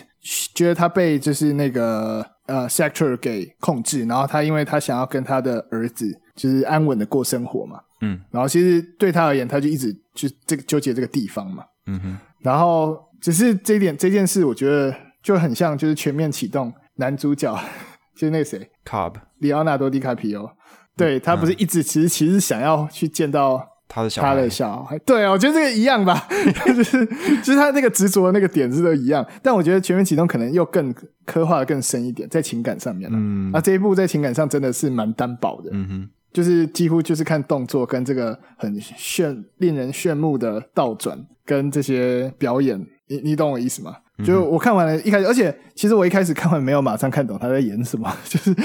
覺得他被就是那個。呃、uh，sector 給控制，然後他因為他想要跟他的兒子就是安穩的過生活嘛，嗯，然後其實對他而言，他就一直就這個糾結這個地方嘛，嗯哼，然後只是這一點這件事，我覺得就很像就是全面啟動，男主角 就是那誰，Cob 里奧納多·迪卡皮歐。對他不是一直其實、嗯、其實想要去見到。他的笑，他的笑，對啊，我覺得這個一樣吧，就是就是他那個執着的那個點子都一樣，但我覺得全面啟動可能又更刻畫的更深一點，在情感上面了、啊。嗯，啊，這一部在情感上真的是蠻單薄的，嗯哼，就是幾乎就是看動作跟這個很炫、令人炫目的倒轉跟這些表演，你你懂我意思嗎、嗯？就我看完了一開始，而且其實我一開始看完沒有馬上看懂他在演什麼，就是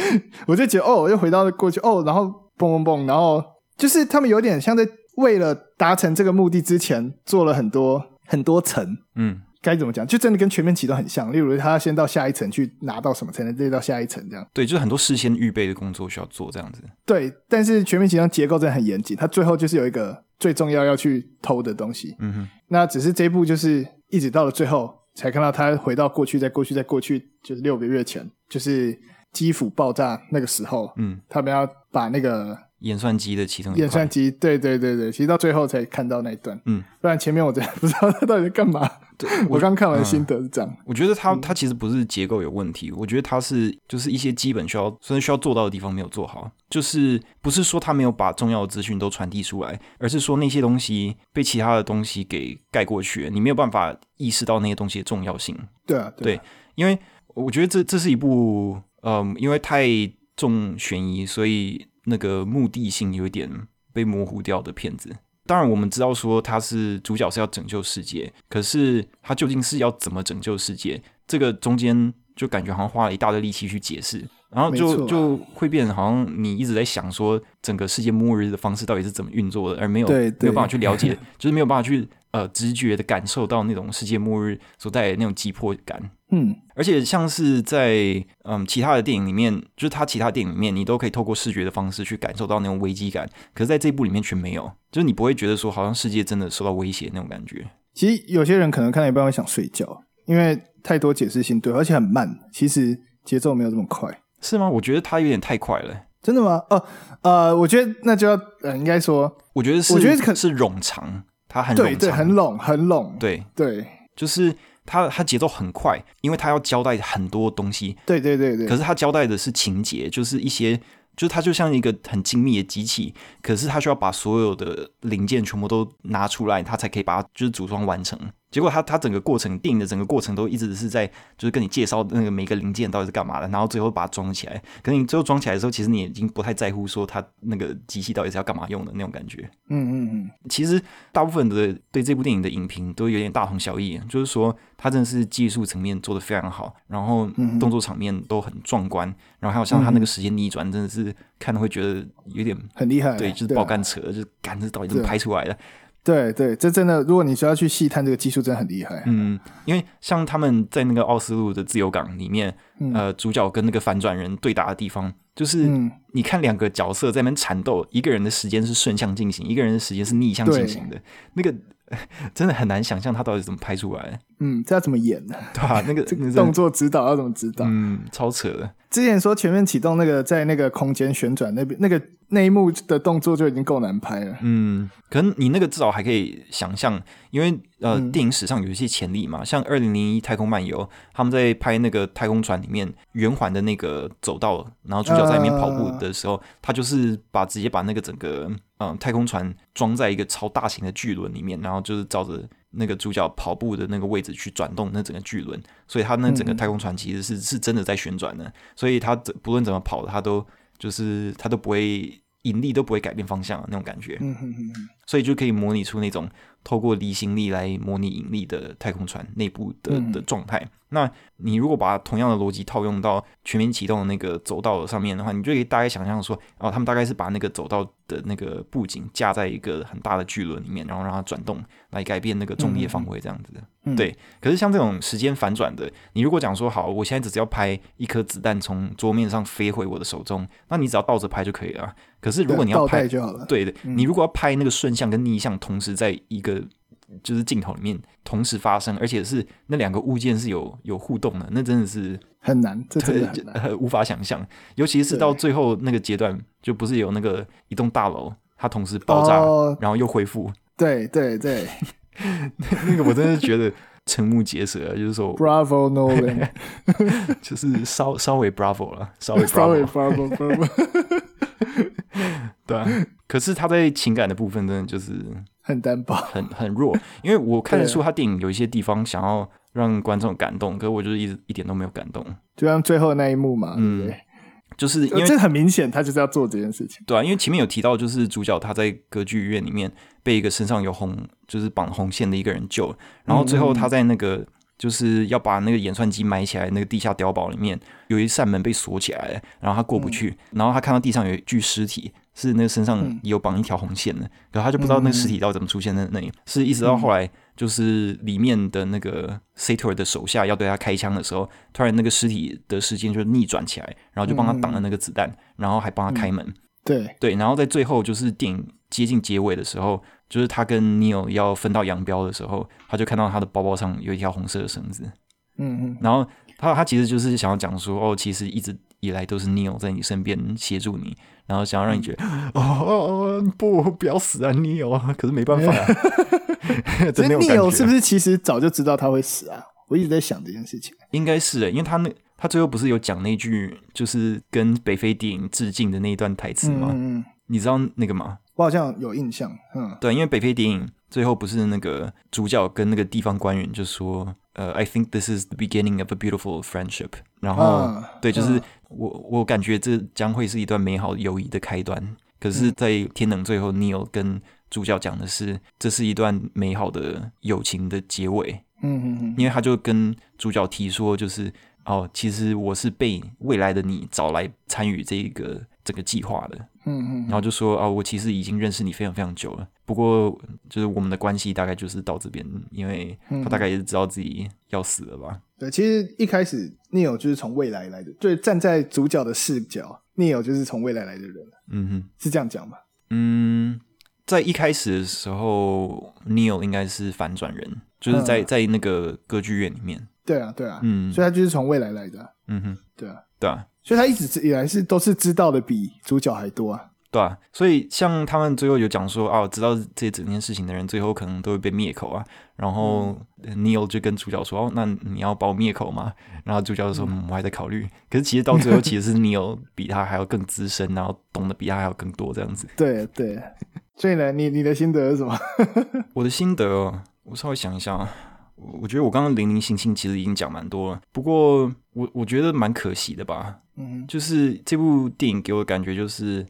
我就覺得哦，又回到了過去，哦，然後蹦蹦蹦，然後就是他們有點像在。為了達成這個目的，之前做了很多很多層，嗯，該怎麼講？就真的跟全面啟動很像。例如，他先到下一層去拿到什麼，才能再到下一層，這樣。對，就是很多事先預備的工作需要做，這樣子。對，但是全面啟動結構真的很嚴謹，它最後就是有一個最重要要去偷的東西。嗯哼，那只是這一步，就是一直到了最後才看到他回到過去，在過去，在過去就是六個月前，就是基輔爆炸那個時候，嗯，他們要把那個。演算機的其中一演算機，對對對對，其實到最後才看到那一段，嗯，不然前面我真的不知道他到底在幹嘛。對我, 我剛看完心得是這樣，嗯、我覺得他他其實不是結構有問題，嗯、我覺得他是就是一些基本需要甚至需要做到的地方沒有做好，就是不是說他沒有把重要的資訊都傳遞出來，而是說那些東西被其他的東西給蓋過去你沒有辦法意識到那些東西的重要性。對啊，對,啊對，因為我覺得這這是一部，嗯，因為太重懸疑，所以。那個目的性有一點被模糊掉的片子，當然我們知道說他是主角是要拯救世界，可是他究竟是要怎麼拯救世界？這個中間就感覺好像花了一大堆力氣去解釋，然後就、啊、就會變成好像你一直在想說整個世界末日的方式到底是怎麼運作的，而沒有對對對沒有辦法去了解， 就是沒有辦法去。呃，直覺的感受到那種世界末日所帶來的那種急迫感。嗯，而且像是在嗯其他的電影裡面，就是他其他電影裡面，你都可以透過視覺的方式去感受到那種危機感。可是在這一部裡面卻沒有，就是你不會覺得說好像世界真的受到威脅那種感覺。其實有些人可能看到一半會想睡覺，因為太多解釋性，對，而且很慢。其實節奏沒有這麼快，是嗎？我覺得他有點太快了，真的嗎？哦，呃，我覺得那就要，呃，應該說，我覺得是，我覺得可是冗長。它很對，對，很攏，很攏，對，對，就是它，它節奏很快，因為它要交代很多東西，對，對，對，對。可是它交代的是情節，就是一些，就是它就像一個很精密的機器，可是它需要把所有的零件全部都拿出來，它才可以把它，就是組裝完成。結果他他整個過程電影的整個過程都一直是在就是跟你介紹那個每個零件到底是幹嘛的，然後最後把它裝起來。可能你最後裝起來的時候，其實你也已經不太在乎說它那個機器到底是要幹嘛用的那種感覺。嗯嗯嗯。其實大部分的對這部電影的影評都有點大同小異，就是說它真的是技術層面做得非常好，然後動作場面都很壯觀，然後還有像它那個時間逆轉，真的是看的會覺得有點很厲害。對，就是爆肝扯，就肝、是、這到底怎麼拍出來了。對對，這真的，如果你需要去細探這個技術，真的很厲害。嗯，因為像他們在那個奧斯陸的自由港裡面，嗯，呃，主角跟那個反轉人對打的地方，就是你看兩個角色在那邊纏鬥，嗯，一個人的時間是順向進行，一個人的時間是逆向進行的，那個。 真的很難想象他到底怎麼拍出來。嗯，這要怎麼演呢、啊？對吧、啊？那個、 個動作指導要怎麼指導？嗯，超扯的。之前說全面啟動那個在那個空間旋轉那邊那個那一幕的動作就已經夠難拍了。嗯，可能你那個至少還可以想象，因為呃，嗯、電影史上有一些前例嘛，像二零零一《太空漫遊》，他們在拍那個太空船裡面圓環的那個走道，然後主角在裡面跑步的時候，呃、他就是把直接把那個整個。嗯，太空船裝在一個超大型的巨輪裡面，然後就是照着那個主角跑步的那個位置去轉動那整個巨輪，所以它那整個太空船其實是、嗯、是真的在旋轉的，所以它不論怎麼跑，它都就是它都不會引力都不會改變方向、啊、那種感覺、嗯哼哼，所以就可以模擬出那種。透過離心力來模擬引力的太空船內部的、嗯、的狀態。那你如果把同樣的邏輯套用到全面啟動的那個走道上面的話，你就可以大概想象說，哦，他們大概是把那個走道的那個布景架，架在一個很大的巨輪裡面，然後讓它轉動來改變那個重力的方位。這樣子。嗯、對、嗯。可是像這種時間反轉的，你如果講說好，我現在只是要拍一顆子彈從桌面上飛回我的手中，那你只要倒着拍就可以了。可是如果你要拍，對的、嗯，倒帶就好了，你如果要拍那個順向跟逆向同時在一個就是鏡頭裡面同時發生，而且是那兩個物件是有有互動的，那真的是很難，這真的很、呃、無法想象。尤其是到最後那個階段，就不是有那個一棟大樓，它同時爆炸，oh, 然後又恢復。對對對， 那個我真的覺得瞠目結舌、啊，就是說 Bravo Nolan 就是稍稍微 Bravo 了，稍微 Bravo，Bravo，Bravo。稍微 Bravo, 對、啊，可是他在情感的部分，真的就是。很單薄 很，很很弱，因為我看得出他電影有一些地方想要讓觀眾感動，可是我就是一直一點都沒有感動，就像最後那一幕嘛，嗯，對，就是因為這很明顯，他就是要做這件事情，對啊，因為前面有提到，就是主角他在歌劇院裡面被一個身上有紅，就是綁紅線的一個人救，然後最後他在那個。嗯嗯就是要把那個演算機埋起來，那個地下碉堡裡面有一扇門被鎖起來，然後他過不去。嗯、然後他看到地上有一具屍體，是那個身上有綁一條紅線的，然、嗯、後他就不知道那個屍體到底怎麼出現在那裡。嗯、是一直到後來，就是裡面的那個 Sator 的手下要對他開槍的時候、嗯，突然那個屍體的時間就逆轉起來，然後就幫他擋了那個子彈，嗯、然後還幫他開門。嗯、對對，然後在最後就是電影接近結尾的時候。就是他跟 Neil 要分道揚鑣的時候，他就看到他的包包上有一條紅色的繩子，嗯嗯，然後他他其實就是想要講說，哦，其實一直以來都是 Neil 在你身邊協助你，然後想要讓你覺得，哦、嗯、哦哦，不，不要死啊 Neil 啊，Neil，可是沒辦法。所以 Neil 是不是其實早就知道他會死啊？我一直在想這件事情。應該是、欸，因為他那他最後不是有講那句就是跟北非電影致敬的那一段台詞嗎？嗯，你知道那個嗎？我好像有印象，嗯，對，因為北非諜影最後不是那個主角跟那個地方官員就說，呃，I think this is the beginning of a beautiful friendship。然後、啊，對，就是、啊、我我感覺這將會是一段美好友誼的開端。可是，在天能最後，Neil、嗯、有跟主角講的是，這是一段美好的友情的結尾。嗯嗯嗯，因為他就跟主角提說，就是哦，其實我是被未來的你找來參與這一個。這個計劃的，嗯嗯，然後就說啊，我其實已經認識你非常非常久了，不過就是我們的關係大概就是到這邊，因為他大概也是知道自己要死了吧。嗯、對，其實一開始 Neil 就是從未來來的，就站在主角的視角，Neil 就是從未來來的人，嗯哼，是這樣講嗎？嗯，在一開始的時候，Neil 應該是反轉人，就是在、嗯、在那個歌劇院裡面，對啊對啊，嗯，所以他就是從未來來的，嗯哼，對啊對啊。所以他一直以來是都是知道的比主角還多啊，對啊。所以像他們最後有講說，哦、啊，知道這整件事情的人最後可能都會被滅口啊。然後尼爾就跟主角說，哦，那你要把我滅口嗎？然後主角說、嗯，我還在考慮。可是其實到最後，其實是尼爾比他還要更資深， 然後懂得比他還要更多這樣子。對對。所以呢，你你的心得是什麼？ 我的心得、哦，我稍微想一想啊。我覺得我剛剛零零星星其實已經講蠻多了，不過我我覺得蠻可惜的吧。嗯，就是這部電影給我的感覺就是，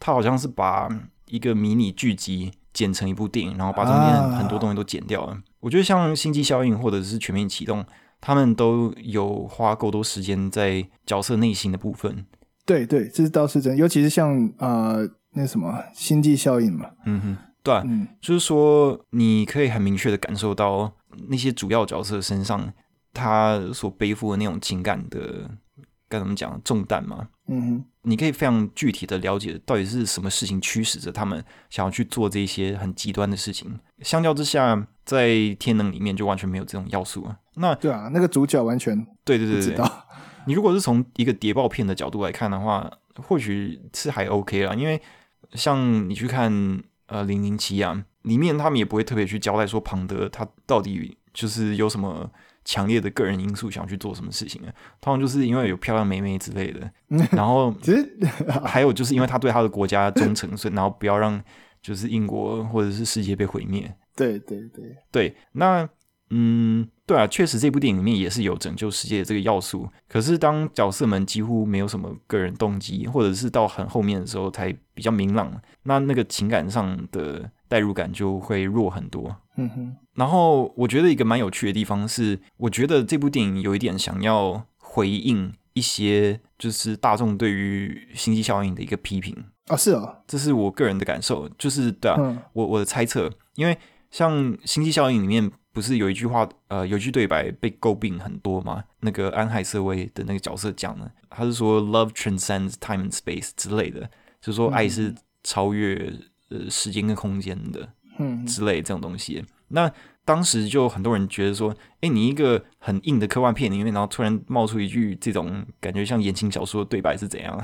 它好像是把一個迷你劇集剪成一部電影，然後把中間很多東西都剪掉了。啊、我覺得像《星際效應》或者是《全面啟動》，他們都有花夠多時間在角色內心的部分。對對，這是倒是真的，尤其是像啊、呃，那什麼《星際效應》嘛，嗯哼，對、啊嗯，就是說你可以很明確的感受到。那些主要角色身上，他所背負的那種情感的該怎麼講重擔嘛？嗯哼，你可以非常具體的了解到底是什麼事情驅使着他們想要去做這些很極端的事情。相較之下，在《天能》裡面就完全沒有這種要素。那對啊，那個主角完全對對，對對對，不知道。你如果是從一個諜報片的角度來看的話，或許是還 OK 了，因為像你去看呃《零零七》啊。裡面他們也不會特別去交代說龐德他到底就是有什麼強烈的個人因素想去做什麼事情啊？通常就是因為有漂亮美眉之類的，然後其實 還有就是因為他對他的國家忠誠，所以然後不要讓就是英國或者是世界被毀滅。對對對對，那嗯對啊，確實這部電影裡面也是有拯救世界的這個要素。可是當角色們幾乎沒有什麼個人動機，或者是到很後面的時候才比較明朗，那那個情感上的。代入感就會弱很多。嗯哼，然後我覺得一個蠻有趣的地方是，我覺得這部電影有一點想要回應一些，就是大眾對於《星際效應》的一個批評啊、哦，是哦，這是我個人的感受，就是對啊，嗯、我我的猜測，因為像《星際效應》裡面不是有一句話，呃，有一句對白被詬病很多嘛，那個安海瑟薇的那個角色講的，他是說 “love transcends time and space” 之類的，就是說愛是超越。呃，時間跟空間的，嗯，之類這種東西，嗯、那當時就很多人覺得說，誒、欸，你一個很硬的科幻片裡面，然後突然冒出一句這種感覺像言情小說的對白是怎樣？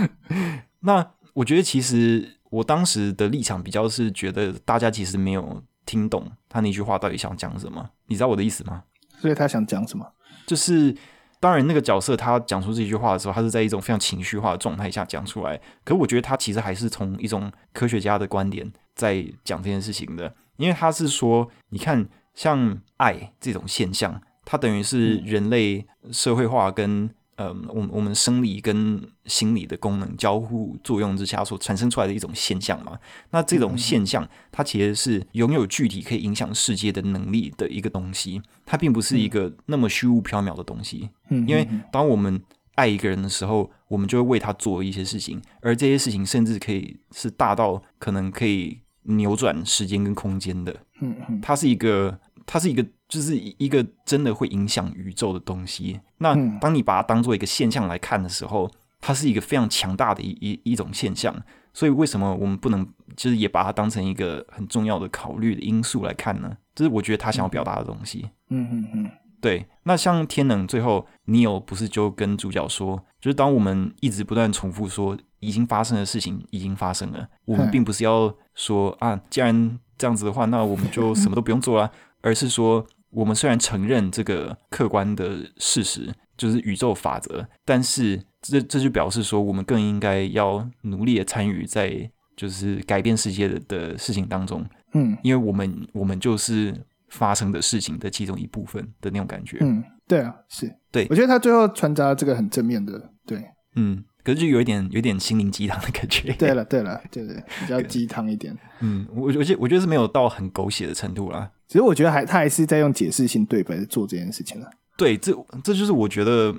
那我覺得其實我當時的立場比較是覺得大家其實沒有聽懂他那句話到底想講什麼，你知道我的意思嗎？所以他想講什麼？就是。當然，那個角色他講出這句話的時候，他是在一種非常情緒化的狀態下講出來。可是我覺得他其實還是從一種科學家的觀點在講這件事情的，因為他是說，你看，像愛這種現象，它等於是人類社會化跟。嗯、呃，我我們生理跟心理的功能交互作用之下所產生出來的一種現象嘛。那這種現象，它其實是擁有具體可以影響世界的能力的一個東西，它並不是一個那麼虛無縹緲的東西。嗯，因為當我們愛一個人的時候，我們就會為他做一些事情，而這些事情甚至可以是大到可能可以扭轉時間跟空間的。嗯嗯，它是一個，它是一個。就是一一個真的會影響宇宙的東西。那當你把它當做一個現象來看的時候，它是一個非常強大的一一一種現象。所以為什麼我們不能就是也把它當成一個很重要的考慮的因素來看呢？這，就是我覺得他想要表達的東西。嗯嗯嗯，對。那像天能最後，尼歐不是就跟主角說，就是當我們一直不斷重複說已經發生的事情已經發生了，我們並不是要說啊，既然這樣子的話，那我們就什麼都不用做啦， 而是說。我們雖然承認這個客觀的事實，就是宇宙法則，但是這這就表示說，我們更應該要努力的參與在就是改變世界的的事情當中，嗯，因為我們我們就是發生的事情的其中一部分的那種感覺，嗯，對啊，是，對，我覺得他最後穿插這個很正面的，對，嗯，可是就有一點有點心靈雞湯的感覺， 對了對了對對，比較雞湯一點，嗯，我我，我覺得我覺得是沒有到很狗血的程度啦。其實我覺得還他還是在用解釋性對白做這件事情了。對，這這就是我覺得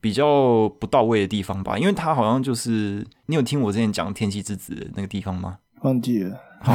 比較不到位的地方吧，因為他好像就是你有聽我之前講《天氣之子》那個地方嗎？忘記了。好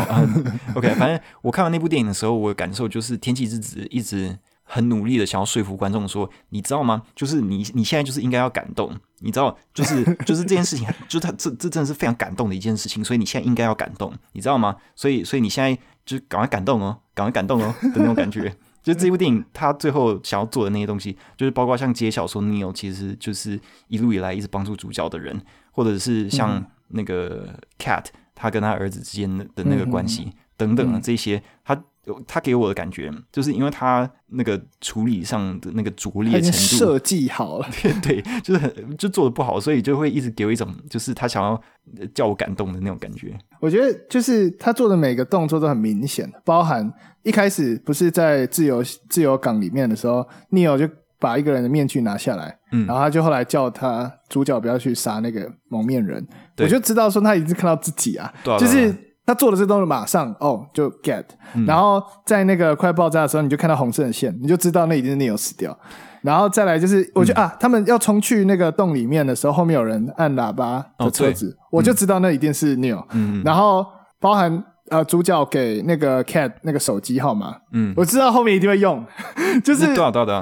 ，OK，反正我看完那部電影的時候，我的感受就是《天氣之子》一直很努力的想要說服觀眾說，你知道嗎？就是你你現在就是應該要感動，你知道，就是就是這件事情， 就他這這真的是非常感動的一件事情，所以你現在應該要感動，你知道嗎？所以所以你現在就趕快感動哦。感到感動哦的那種感覺， 就這部電影他最後想要做的那些東西，就是包括像揭曉說 Neil 其實就是一路以來一直幫助主角的人，或者是像那個 Kat 他跟他兒子之間的的那個關係等等啊這些他。他給我的感覺，就是因為他那個處理上的那個着力，他已經設計好了 對，對對，就是很就做的不好，所以就會一直給我一種，就是他想要叫我感動的那種感覺。我覺得就是他做的每個動作都很明顯，包含一開始不是在自由自由港裡面的時候，Neil 就把一個人的面具拿下來，嗯，然後他就後來叫他主角不要去殺那個蒙面人，我就知道說他一直看到自己啊，啊就是。他做的這東西馬上哦就 get、嗯、然後在那個快爆炸的時候，你就看到紅色的線，你就知道那一定是 Neil 死掉。然後再來就是，我就、嗯、啊，他們要衝去那個洞裡面的時候，後面有人按喇叭的車子，哦、我就知道那一定是 Neil、嗯。然後包含呃，主角給那個 cat 那個手機號碼，嗯，我知道後面一定會用。就是對對對對，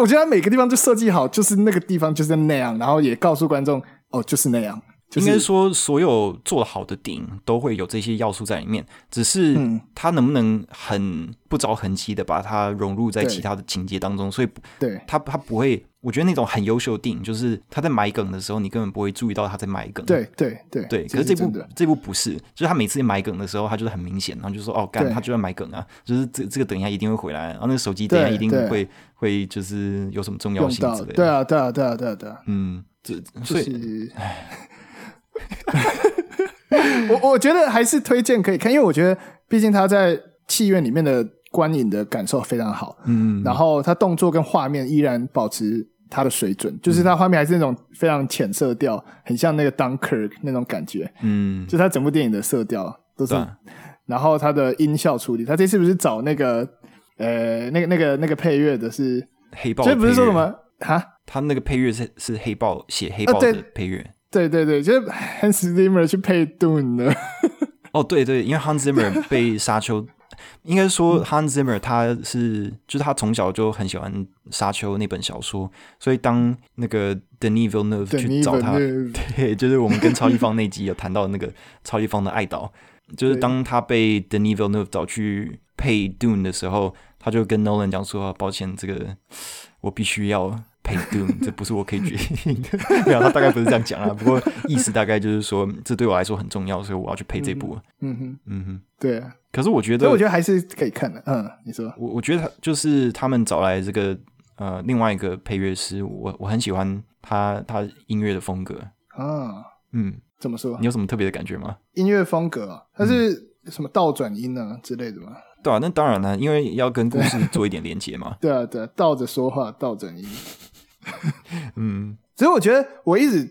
我覺得他每個地方就設計好，就是那個地方就是那樣，然後也告訴觀眾哦，就是那樣。就是、應該說，所有做好的電影都會有這些要素在裡面，只是它能不能很不着痕跡的把它融入在其他的情節當中。所以，對它，它不會，我覺得那種很優秀的電影，就是他在埋梗的時候，你根本不會注意到他在埋梗。對對對對。對對，可是這部這部不是，就是他每次埋梗的時候，他就是很明顯，然後就說：“哦，幹，他就要埋梗啊！”就是這這個等一下一定會回來，然後那個手機等一下一定會會就是有什麼重要性之類的對、啊。對啊，對啊，對啊，對啊，嗯，這、就是、所以唉。 我我覺得還是推薦可以看，因為我覺得畢竟他在戲院裡面的觀影的感受非常好。嗯，然後他動作跟畫面依然保持他的水準，就是他畫面還是那種非常淺色調，很像那個 Dunkirk 那種感覺。嗯，就他整部電影的色調都是、嗯。然後他的音效處理，他這次不是找那個呃，那個那個那個配樂的是黑豹、就是不是說什麼，哈，他那個配樂是是黑豹寫黑豹的配樂。呃對對對，就是 Hans Zimmer 去配 Dune 的。 哦，對對，因為 Hans Zimmer 被《沙丘，》 應該說 Hans Zimmer 他是，就是他從小就很喜歡《沙丘》那本小說，所以當那個 Denis Villeneuve 去找他， 對，就是我們跟超立方那集有談到那個超立方的愛島， 就是當他被 Denis Villeneuve 找去配 Dune 的時候，他就跟 Nolan 講說：抱歉，這個我必須要。配、hey、這不是我可以決定的。 他大概不是這樣講啊，不過意思大概就是說，這對我來說很重要，所以我要去配這部。嗯哼，嗯哼，對啊。可是我覺得，我覺得還是可以看的。嗯，你說，我我覺得就是他們找來這個呃另外一個配樂師，我我很喜歡他他音樂的風格啊。嗯，怎麼說？你有什麼特別的感覺嗎？音樂風格、哦，它是什麼倒轉音呢、啊、之類的嗎、嗯？對啊，那當然了，因為要跟故事做一點連結嘛，對 對、啊。對啊，對啊，倒着說話，倒轉音。 嗯，所以我覺得我一直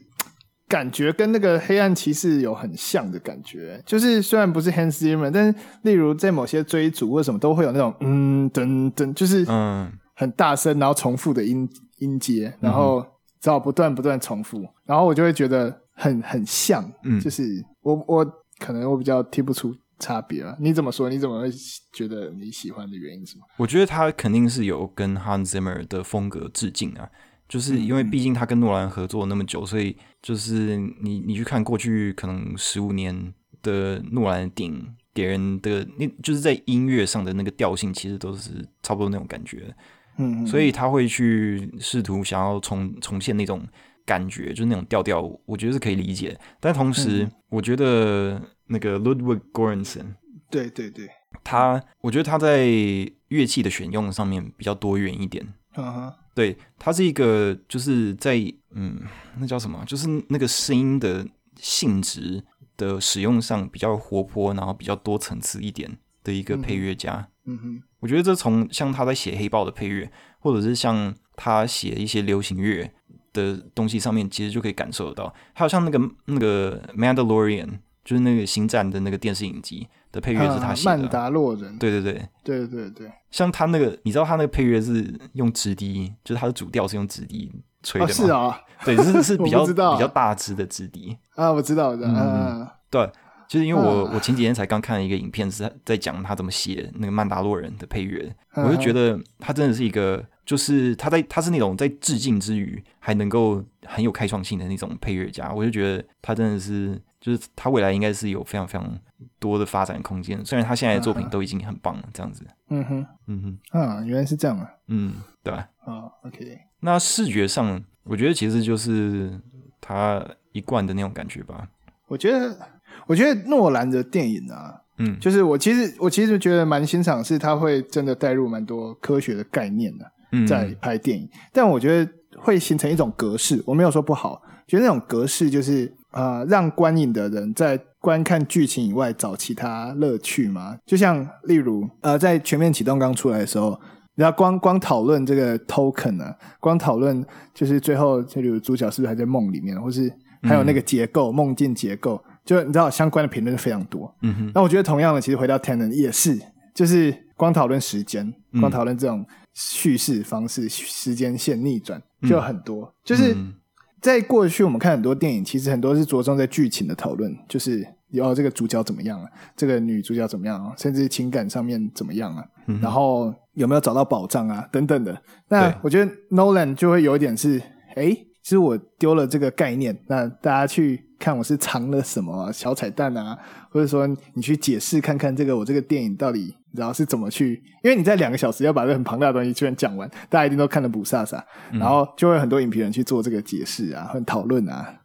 感覺跟那個黑暗騎士有很像的感覺，就是雖然不是 Hans Zimmer，但是例如在某些追逐或什麼都會有那種嗯噔噔，就是嗯很大聲，然後重複的音音階，然後只要不斷不斷重複，然後我就會覺得很很像、嗯，就是我我可能我比較聽不出差別了。你怎麼說？你怎麼會覺得你喜歡的原因是什麼？我覺得他肯定是有跟 Hans Zimmer 的風格致敬啊。就是因為畢竟他跟諾蘭合作那麼久嗯嗯，所以就是你你去看過去可能十五年的諾蘭的電影給人的那，就是在音樂上的那個調性，其實都是差不多那種感覺，嗯嗯，所以他會去試圖想要重重現那種感覺，就是那種調調，我覺得是可以理解。但同時，我覺得那個 Ludwig Göransson 對對對，他我覺得他在樂器的選用上面比較多元一點，Uh-huh 對，他是一個就是在嗯，那叫什麼？就是那個聲音的性質的使用上比較活潑，然後比較多層次一點的一個配樂家。嗯哼，我覺得這從像他在寫《黑豹》的配樂，或者是像他寫一些流行樂的東西上面，其實就可以感受得到。還有像那個那個《Madalorian》，就是那個《星戰》的那個電視影集。的配樂是他寫的，啊《曼達洛人》。對對對，對對對。像他那個，你知道他那個配樂是用直笛，就是他的主調是用直笛吹的嗎？哦、是啊、哦， 對，是是比較比較大支的直笛啊，我知道，我知道。嗯，啊、對，就是因為我、啊、我前幾天才剛看了一個影片，是在在講他怎麼寫那個《曼達洛人》的配樂、啊，我就覺得他真的是一個，就是他在他是那種在致敬之餘還能夠很有開創性的那種配樂家，我就覺得他真的是。就是他未來應該是有非常非常多的發展空間，雖然他現在的作品都已經很棒了，這樣子。嗯哼，嗯哼，啊，原來是這樣啊。嗯，對。啊，Oh，OK。那視覺上，我覺得其實就是他一貫的那種感覺吧。我覺得，我覺得諾蘭的電影啊，嗯，就是我其實我其實覺得蠻欣賞，是他會真的帶入蠻多科學的概念的，嗯，在拍電影。嗯。但我覺得會形成一種格式，我沒有說不好，覺得那種格式就是。呃，讓觀影的人在觀看劇情以外找其他樂趣嗎？就像例如，呃，在全面啟動剛出來的時候，你要光光討論這個 token 啊，光討論就是最後，就例如主角是不是還在夢裡面，或是還有那個結構、嗯、夢境結構，就你知道相關的評論非常多。嗯哼。那我覺得同樣的，其實回到 Tenet 也是，就是光討論時間，光討論這種敘事方式、嗯、時間線逆轉，就有很多、嗯，就是。嗯在過去，我們看很多電影，其實很多是着重在劇情的討論，就是哦，這個主角怎麼樣啊，這個女主角怎麼樣啊，甚至情感上面怎麼樣啊，嗯、然後有沒有找到寶藏啊等等的。那我覺得 Nolan 就會有一點是，誒、欸其實我丟了這個概念，那大家去看我是藏了什麼、啊、小彩蛋啊，或者說你去解釋看看這個我這個電影到底然後是怎麼去，因為你在兩個小時要把這很龐大的東西居然講完，大家一定都看了霧煞煞，然後就會很多影評人去做這個解釋啊，或討論啊。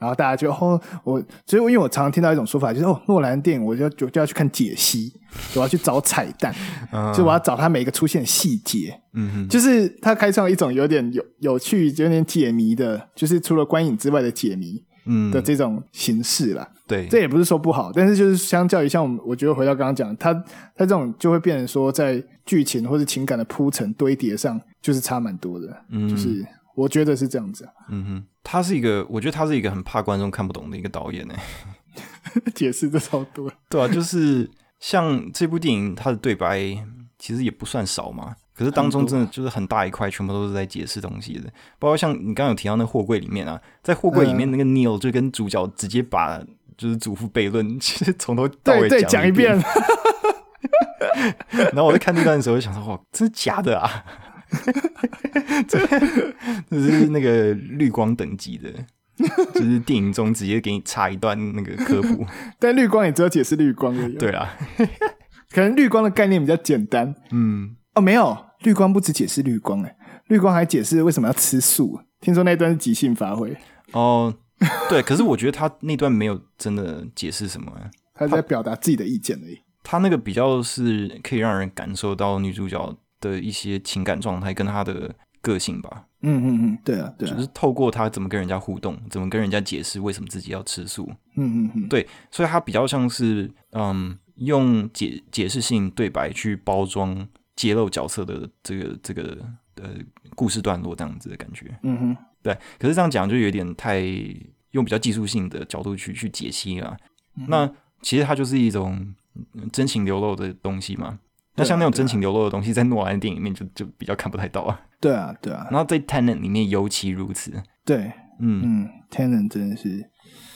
然後大家就哦，我所以我因為我常常聽到一種說法，就是哦，諾蘭電影我就，我就就要去看解析，我要去找彩蛋， 就是我要找它每一個出現的細節，嗯哼，就是它開創了一種有點有有趣，有點解謎的，就是除了觀影之外的解謎，嗯的這種形式了，嗯。對，這也不是說不好，但是就是相較於像我們，我覺得回到剛剛講它它這種就會變成說，在劇情或者情感的鋪陳堆疊上，就是差蠻多的，嗯哼，就是我覺得是這樣子，嗯哼。他是一個，我覺得他是一個很怕觀眾看不懂的一個導演耶。 解釋的超多。對啊，就是像這部電影，他的對白其實也不算少嘛，可是當中真的就是很大一塊，全部都是在解釋東西的。包括像你剛剛有提到那個貨櫃裡面啊，在貨櫃裡面那個 Neil 就跟主角直接把就是祖父悖論其實從頭到尾講一遍。對對，講一遍 然後我在看那段的時候，我就想說，哇，真的假的啊？哈哈哈，這是那個綠光等級的， 就是電影中直接給你插一段那個科普。但綠光也只有解釋綠光而已。對啊， 可能綠光的概念比較簡單。嗯，哦，沒有，綠光不止解釋綠光哎，綠光還解釋為什麼要吃素。聽說那段是即興發揮。哦，對，可是我覺得他那段沒有真的解釋什麼， 他在表達自己的意見而已。他那個比較是可以讓人感受到女主角的一些情感狀態跟他的個性吧，嗯嗯嗯，對啊，對，就是透過他怎麼跟人家互動，怎麼跟人家解釋為什麼自己要吃素，嗯嗯嗯，對，所以他比較像是嗯用解解釋性對白去包裝揭露角色的這個這個呃故事段落這樣子的感覺，嗯哼，對，可是這樣講就有點太用比較技術性的角度去去解析了，那其實它就是一種真情流露的東西嘛。那像那種真情流露的東西，在諾蘭的電影裡面就就比較看不太到啊。對啊，對啊。然後在《Tenet》裡面尤其如此。對，嗯嗯，《Tenet》真的是。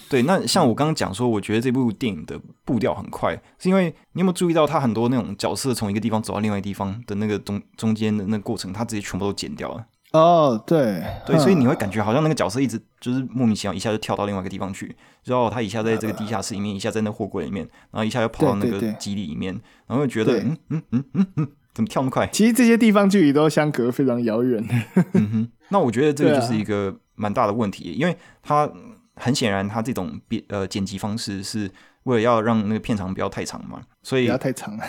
對，那像我剛剛講說，我覺得這部電影的步調很快，是因為你有沒有注意到，他很多那種角色從一個地方走到另外一個地方的那個中中間的那個過程，他直接全部都剪掉了。哦、oh,，對對、嗯，所以你會感覺好像那個角色一直就是莫名其妙一下就跳到另外一個地方去，然後、哦、他一下在這個地下室裡面，一下在那貨櫃裡面，然後一下又跑到那個基地裡面，對對對，然後覺得嗯嗯嗯嗯嗯，怎麼跳那麼快？其實這些地方距離都相隔非常遙遠的。 嗯，那我覺得這個就是一個蠻大的問題，因為他很顯然他這種變，呃剪輯方式是為了要讓那個片長不要太長嘛，所以不要太長了。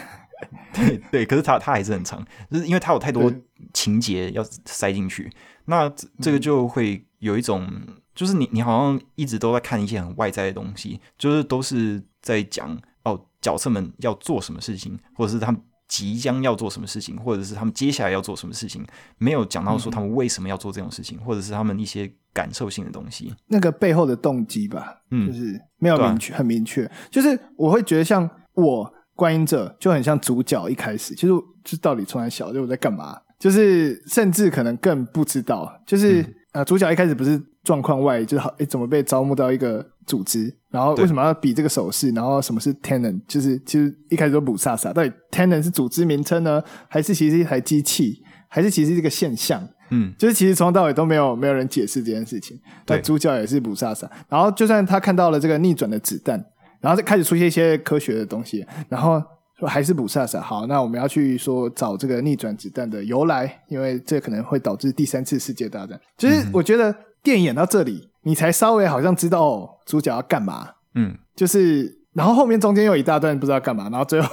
對對，可是他他還是很長，就是因為他有太多情節要塞進去，那這個就會有一種，嗯、就是你你好像一直都在看一些很外在的東西，就是都是在講哦，角色們要做什麼事情，或者是他們即將要做什麼事情，或者是他們接下來要做什麼事情，沒有講到說他們為什麼要做這種事情、嗯，或者是他們一些感受性的東西，那個背後的動機吧，嗯，就是沒有明確、嗯，很明確、啊，就是我會覺得像我。觀影者就很像主角一開始，其實就到底從來小？就我在幹嘛？就是甚至可能更不知道，就是、嗯、呃，主角一開始不是狀況外，就是哎，怎麼被招募到一個組織？然後為什麼要比這個手勢？然後什麼是 Tenet，就是其實一開始都霧煞煞，到底 Tenet 是組織名稱呢，還是其實一台機器，還是其實一個現象？嗯，就是其實從頭到尾都沒有沒有人解釋這件事情。對，主角也是霧煞煞。然後就算他看到了這個逆轉的子彈。然後再開始出現一些科學的東西，然後說還是霧煞煞好。那我們要去說找這個逆轉子彈的由來，因為這可能會導致第三次世界大戰。就是我覺得電影演到這裡，你才稍微好像知道、哦、主角要幹嘛，嗯，就是然後後面中間又有一大段不知道幹嘛，然後最後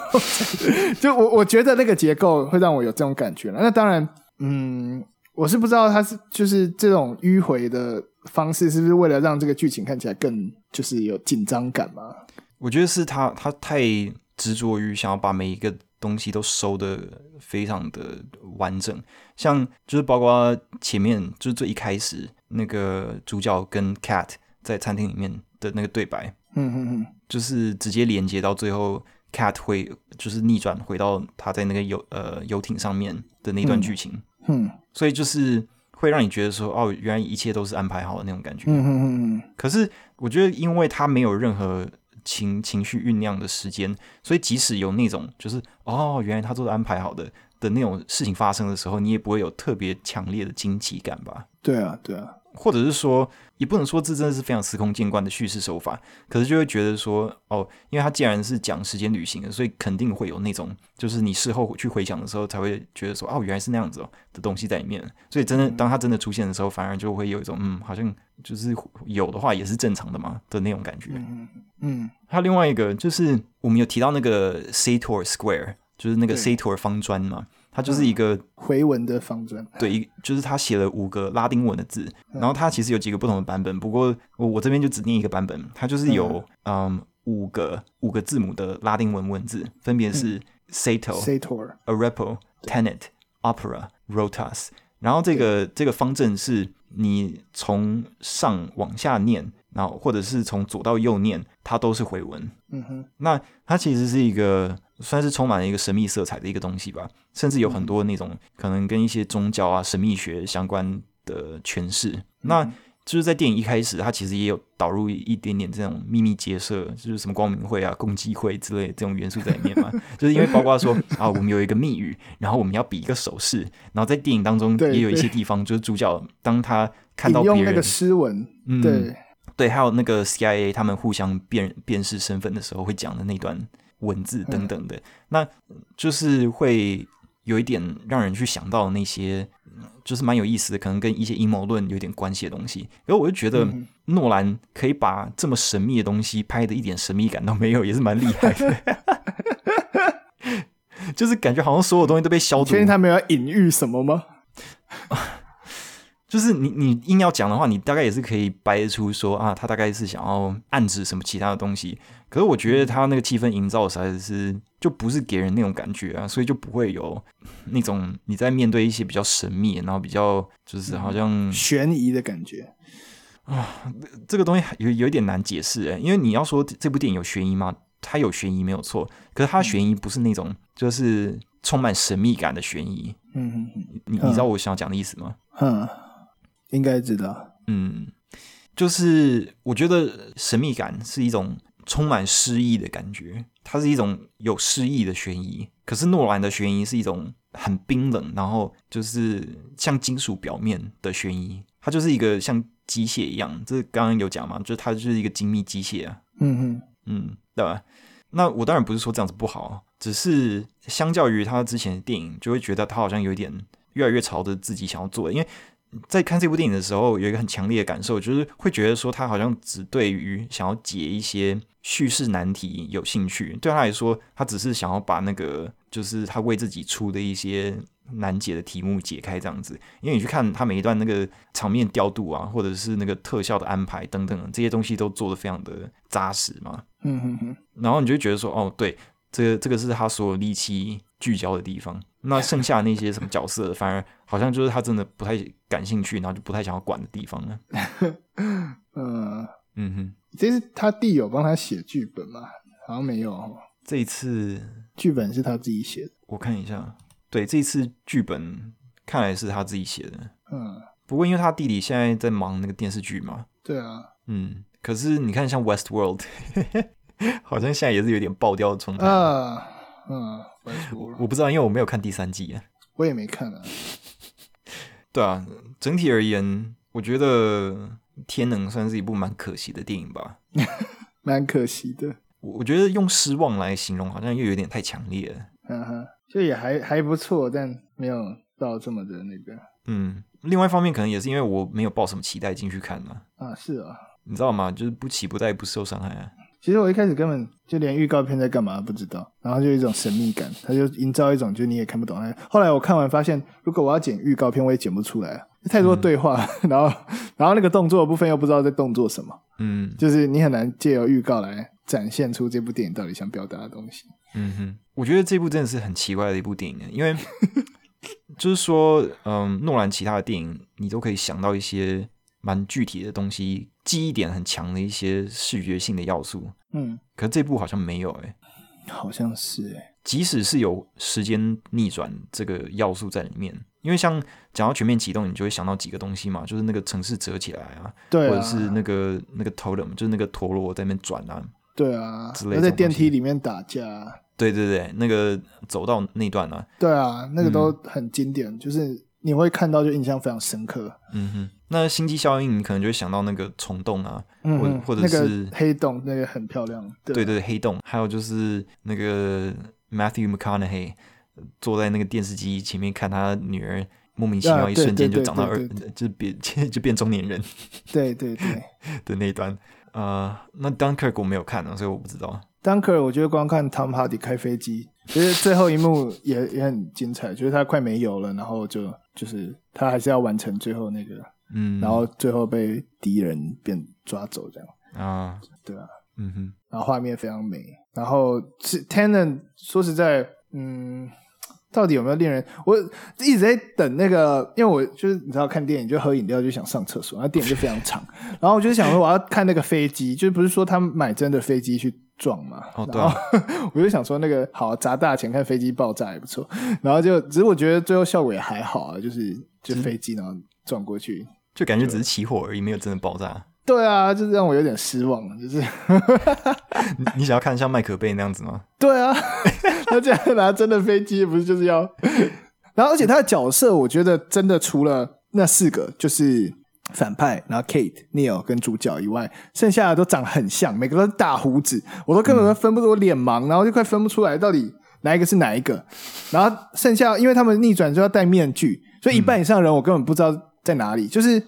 就我我覺得那個結構會讓我有這種感覺。那當然，嗯。我是不知道他是就是這種迂迴的方式是不是為了讓這個劇情看起來更就是有緊張感嘛？我覺得是他他太執着於想要把每一個東西都收得非常的完整，像就是包括前面就是最一開始那個主角跟 Cat 在餐廳裡面的那個對白，嗯哼哼、嗯嗯，就是直接連接到最後 Cat 會就是逆轉回到他在那個遊呃遊艇上面的那一段劇情，嗯。嗯所以就是會讓你覺得說，哦，原來一切都是安排好的那種感覺。嗯嗯。可是我覺得，因為他沒有任何情情緒醞釀的時間，所以即使有那種就是，哦，原來他都是安排好的的那種事情發生的時候，你也不會有特別強烈的驚奇感吧？對啊，對啊。或者是說，也不能說這真的是非常司空見慣的敘事手法，可是就會覺得說，哦，因為它既然是講時間旅行的，所以肯定會有那種，就是你事後去回想的時候，才會覺得說，哦，原來是那樣子哦的東西在裡面。所以，真的當他真的出現的時候，反而就會有一種，嗯，好像就是有的話也是正常的嘛的那種感覺。嗯，嗯。還有另外一個，就是我們有提到那個 Sator Square，就是那個 Sator 方磚嘛。它就是一個、嗯、回文的方陣，對，一就是它寫了五個拉丁文的字，嗯，然後它其實有幾個不同的版本，不過我我這邊就只念一個版本，它就是有嗯，嗯五個五個字母的拉丁文文字，分別是 Sator，Sator，Arepo，Tenet，Opera，Rotas。 然後這個這個方陣是你從上往下念，然後或者是從左到右念，它都是回文。嗯哼，那它其實是一個。算是充滿了一個神秘色彩的一個東西吧，甚至有很多那種可能跟一些宗教啊、神秘學相關的詮釋。那就是在電影一開始，它其實也有導入一點點這種秘密結社，就是什麼光明會啊、共濟會之類的這種元素在裡面嘛。就是因為包括說啊，我們有一個密語，然後我們要比一個手勢，然後在電影當中也有一些地方，就是主角當他看到別人，用那個詩文，嗯，對，對，還有那個 CIA 他們互相辨辨識身份的時候會講的那段。文字等等的，那就是會有一點讓人去想到那些，就是蠻有意思的，可能跟一些陰謀論有點關係的東西。然後我就覺得諾蘭可以把這麼神秘的東西拍的一點神秘感都沒有，也是蠻厲害的。 就是感覺好像所有東西都被消除了。確定他沒有隱喻什麼嗎？ 就是你你硬要講的話，你大概也是可以掰出說啊，他大概是想要暗指什麼其他的東西。可是我覺得他那個氣氛營造的實在是，就不是給人那種感覺啊，所以就不會有那種你在面對一些比較神秘，然後比較就是好像懸、嗯、疑的感覺啊。這個東西有有一點難解釋誒、欸，因為你要說這部電影有懸疑嗎？它有懸疑沒有錯，可是它懸疑不是那種就是充滿神秘感的懸疑。嗯嗯，你你知道我想要講的意思嗎？嗯，應該知道。嗯，就是我覺得神秘感是一種。充滿詩意的感覺，它是一種有詩意的懸疑。可是諾蘭的懸疑是一種很冰冷，然後就是像金屬表面的懸疑，它就是一個像機械一樣。這剛剛有講嘛，就是它就是一個精密機械啊。嗯嗯嗯，對吧？那我當然不是說這樣子不好，只是相較於他之前的電影，就會覺得他好像有一點越來越朝着自己想要做的，因為。在看這部電影的時候，有一個很強烈的感受，就是會覺得說，他好像只對於想要解一些敘事難題有興趣。對他來說，他只是想要把那個就是他為自己出的一些難解的題目解開這樣子。因為你去看他每一段那個場面調度啊，或者是那個特效的安排等等，這些東西都做得非常的紮實嘛。嗯哼哼。然後你就覺得說，哦，對。這個這個是他所有力氣聚焦的地方，那剩下的那些什麼角色，反而好像就是他真的不太感興趣，然後就不太想要管的地方呢。嗯、 呃、嗯哼，這是他弟有幫他寫劇本嗎？好像沒有。這一次劇本是他自己寫的，我看一下。對，這一次劇本看來是他自己寫的。嗯，不過因為他弟弟現在在忙那個電視劇嘛。對啊。嗯，可是你看，像《West World 》。 好像現在也是有點爆掉的狀態啊，嗯，我不知道，因為我沒有看第三季啊。我也沒看啊。對啊，整體而言，我覺得《天能》算是一部蠻可惜的電影吧，蠻可惜的。我我覺得用失望來形容，好像又有點太強烈了。嗯哼，就也還還不錯，但沒有到這麼的那個。嗯，另外一方面，可能也是因為我沒有抱什麼期待進去看嘛。啊，是啊。你知道嗎？就是不期待，不受傷害啊。其實我一開始根本就連預告片在幹嘛不知道，然後就有一種神祕感，他就營造一種就你也看不懂。後來我看完發現，如果我要剪預告片，我也剪不出來，太多對話，嗯、然後然後那個動作的部分又不知道在動作什麼，嗯，就是你很難借由預告來展現出這部電影到底想表達的東西。嗯哼，我覺得這部真的是很奇怪的一部電影，因為 就是說，嗯，諾蘭其他的電影你都可以想到一些。蠻具體的東西，記憶點很強的一些視覺性的要素。嗯，可是這部好像沒有哎、欸，好像是哎、欸。即使是有時間逆轉這個要素在裡面，因為像講到全面啟動，你就會想到幾個東西嘛，就是那個城市折起來啊，對啊，或者是那個那個 totem 就是那個陀螺在裡面轉啊，對啊，要在電梯裡面打架，對對對，那個走到那段啊，對啊，那個都很經典，嗯、就是。你會看到就印象非常深刻，嗯哼。那星際效應，你可能就會想到那個蟲洞啊，或、嗯、或者是、那個、黑洞，那個很漂亮。對對，對，黑洞。還有就是那個 Matthew McConaughey 坐在那個電視機前面看他女兒莫名其妙一瞬間就長到二、啊，就變就變中年人。 對對對，對的那一段。啊、uh，那 Dunkirk 我沒有看，所以我不知道。Dunker 我覺得光看湯姆哈迪開飛機，其實最後一幕也也很精彩，就是他快沒油了，然後就就是他還是要完成最後那個，嗯，然後最後被敵人變抓走這樣啊，對啊，嗯哼，然後畫面非常美，然後是 Tenet 說實在，嗯，到底有沒有戀人？我一直在等那個，因為我就是你知道看電影就喝飲料就想上廁所，那電影就非常長， 然後我就想說我要看那個飛機，就是不是說他們買真的飛機去。撞嘛，哦、然後對、啊、 我就想說那個好砸大錢看飛機爆炸也不錯，然後就只是我覺得最後效果也還好啊，就是就飛機然後撞過去，就感覺只是起火而已，沒有真的爆炸。對啊，就是，讓我有點失望。就是 你，你想要看像麥可貝那樣子嗎？ 對啊，那這樣拿真的飛機不是就是要？ 然後而且他的角色，我覺得真的除了那四個就是。反派，然後 Kate、Neil 跟主角以外，剩下的都長得很像，每個都是大鬍子，我都根本分不出，我臉盲，然後就快分不出來到底哪一個是哪一個。然後剩下，因為他們逆轉就要戴面具，所以一半以上的人我根本不知道在哪裡。嗯、就是，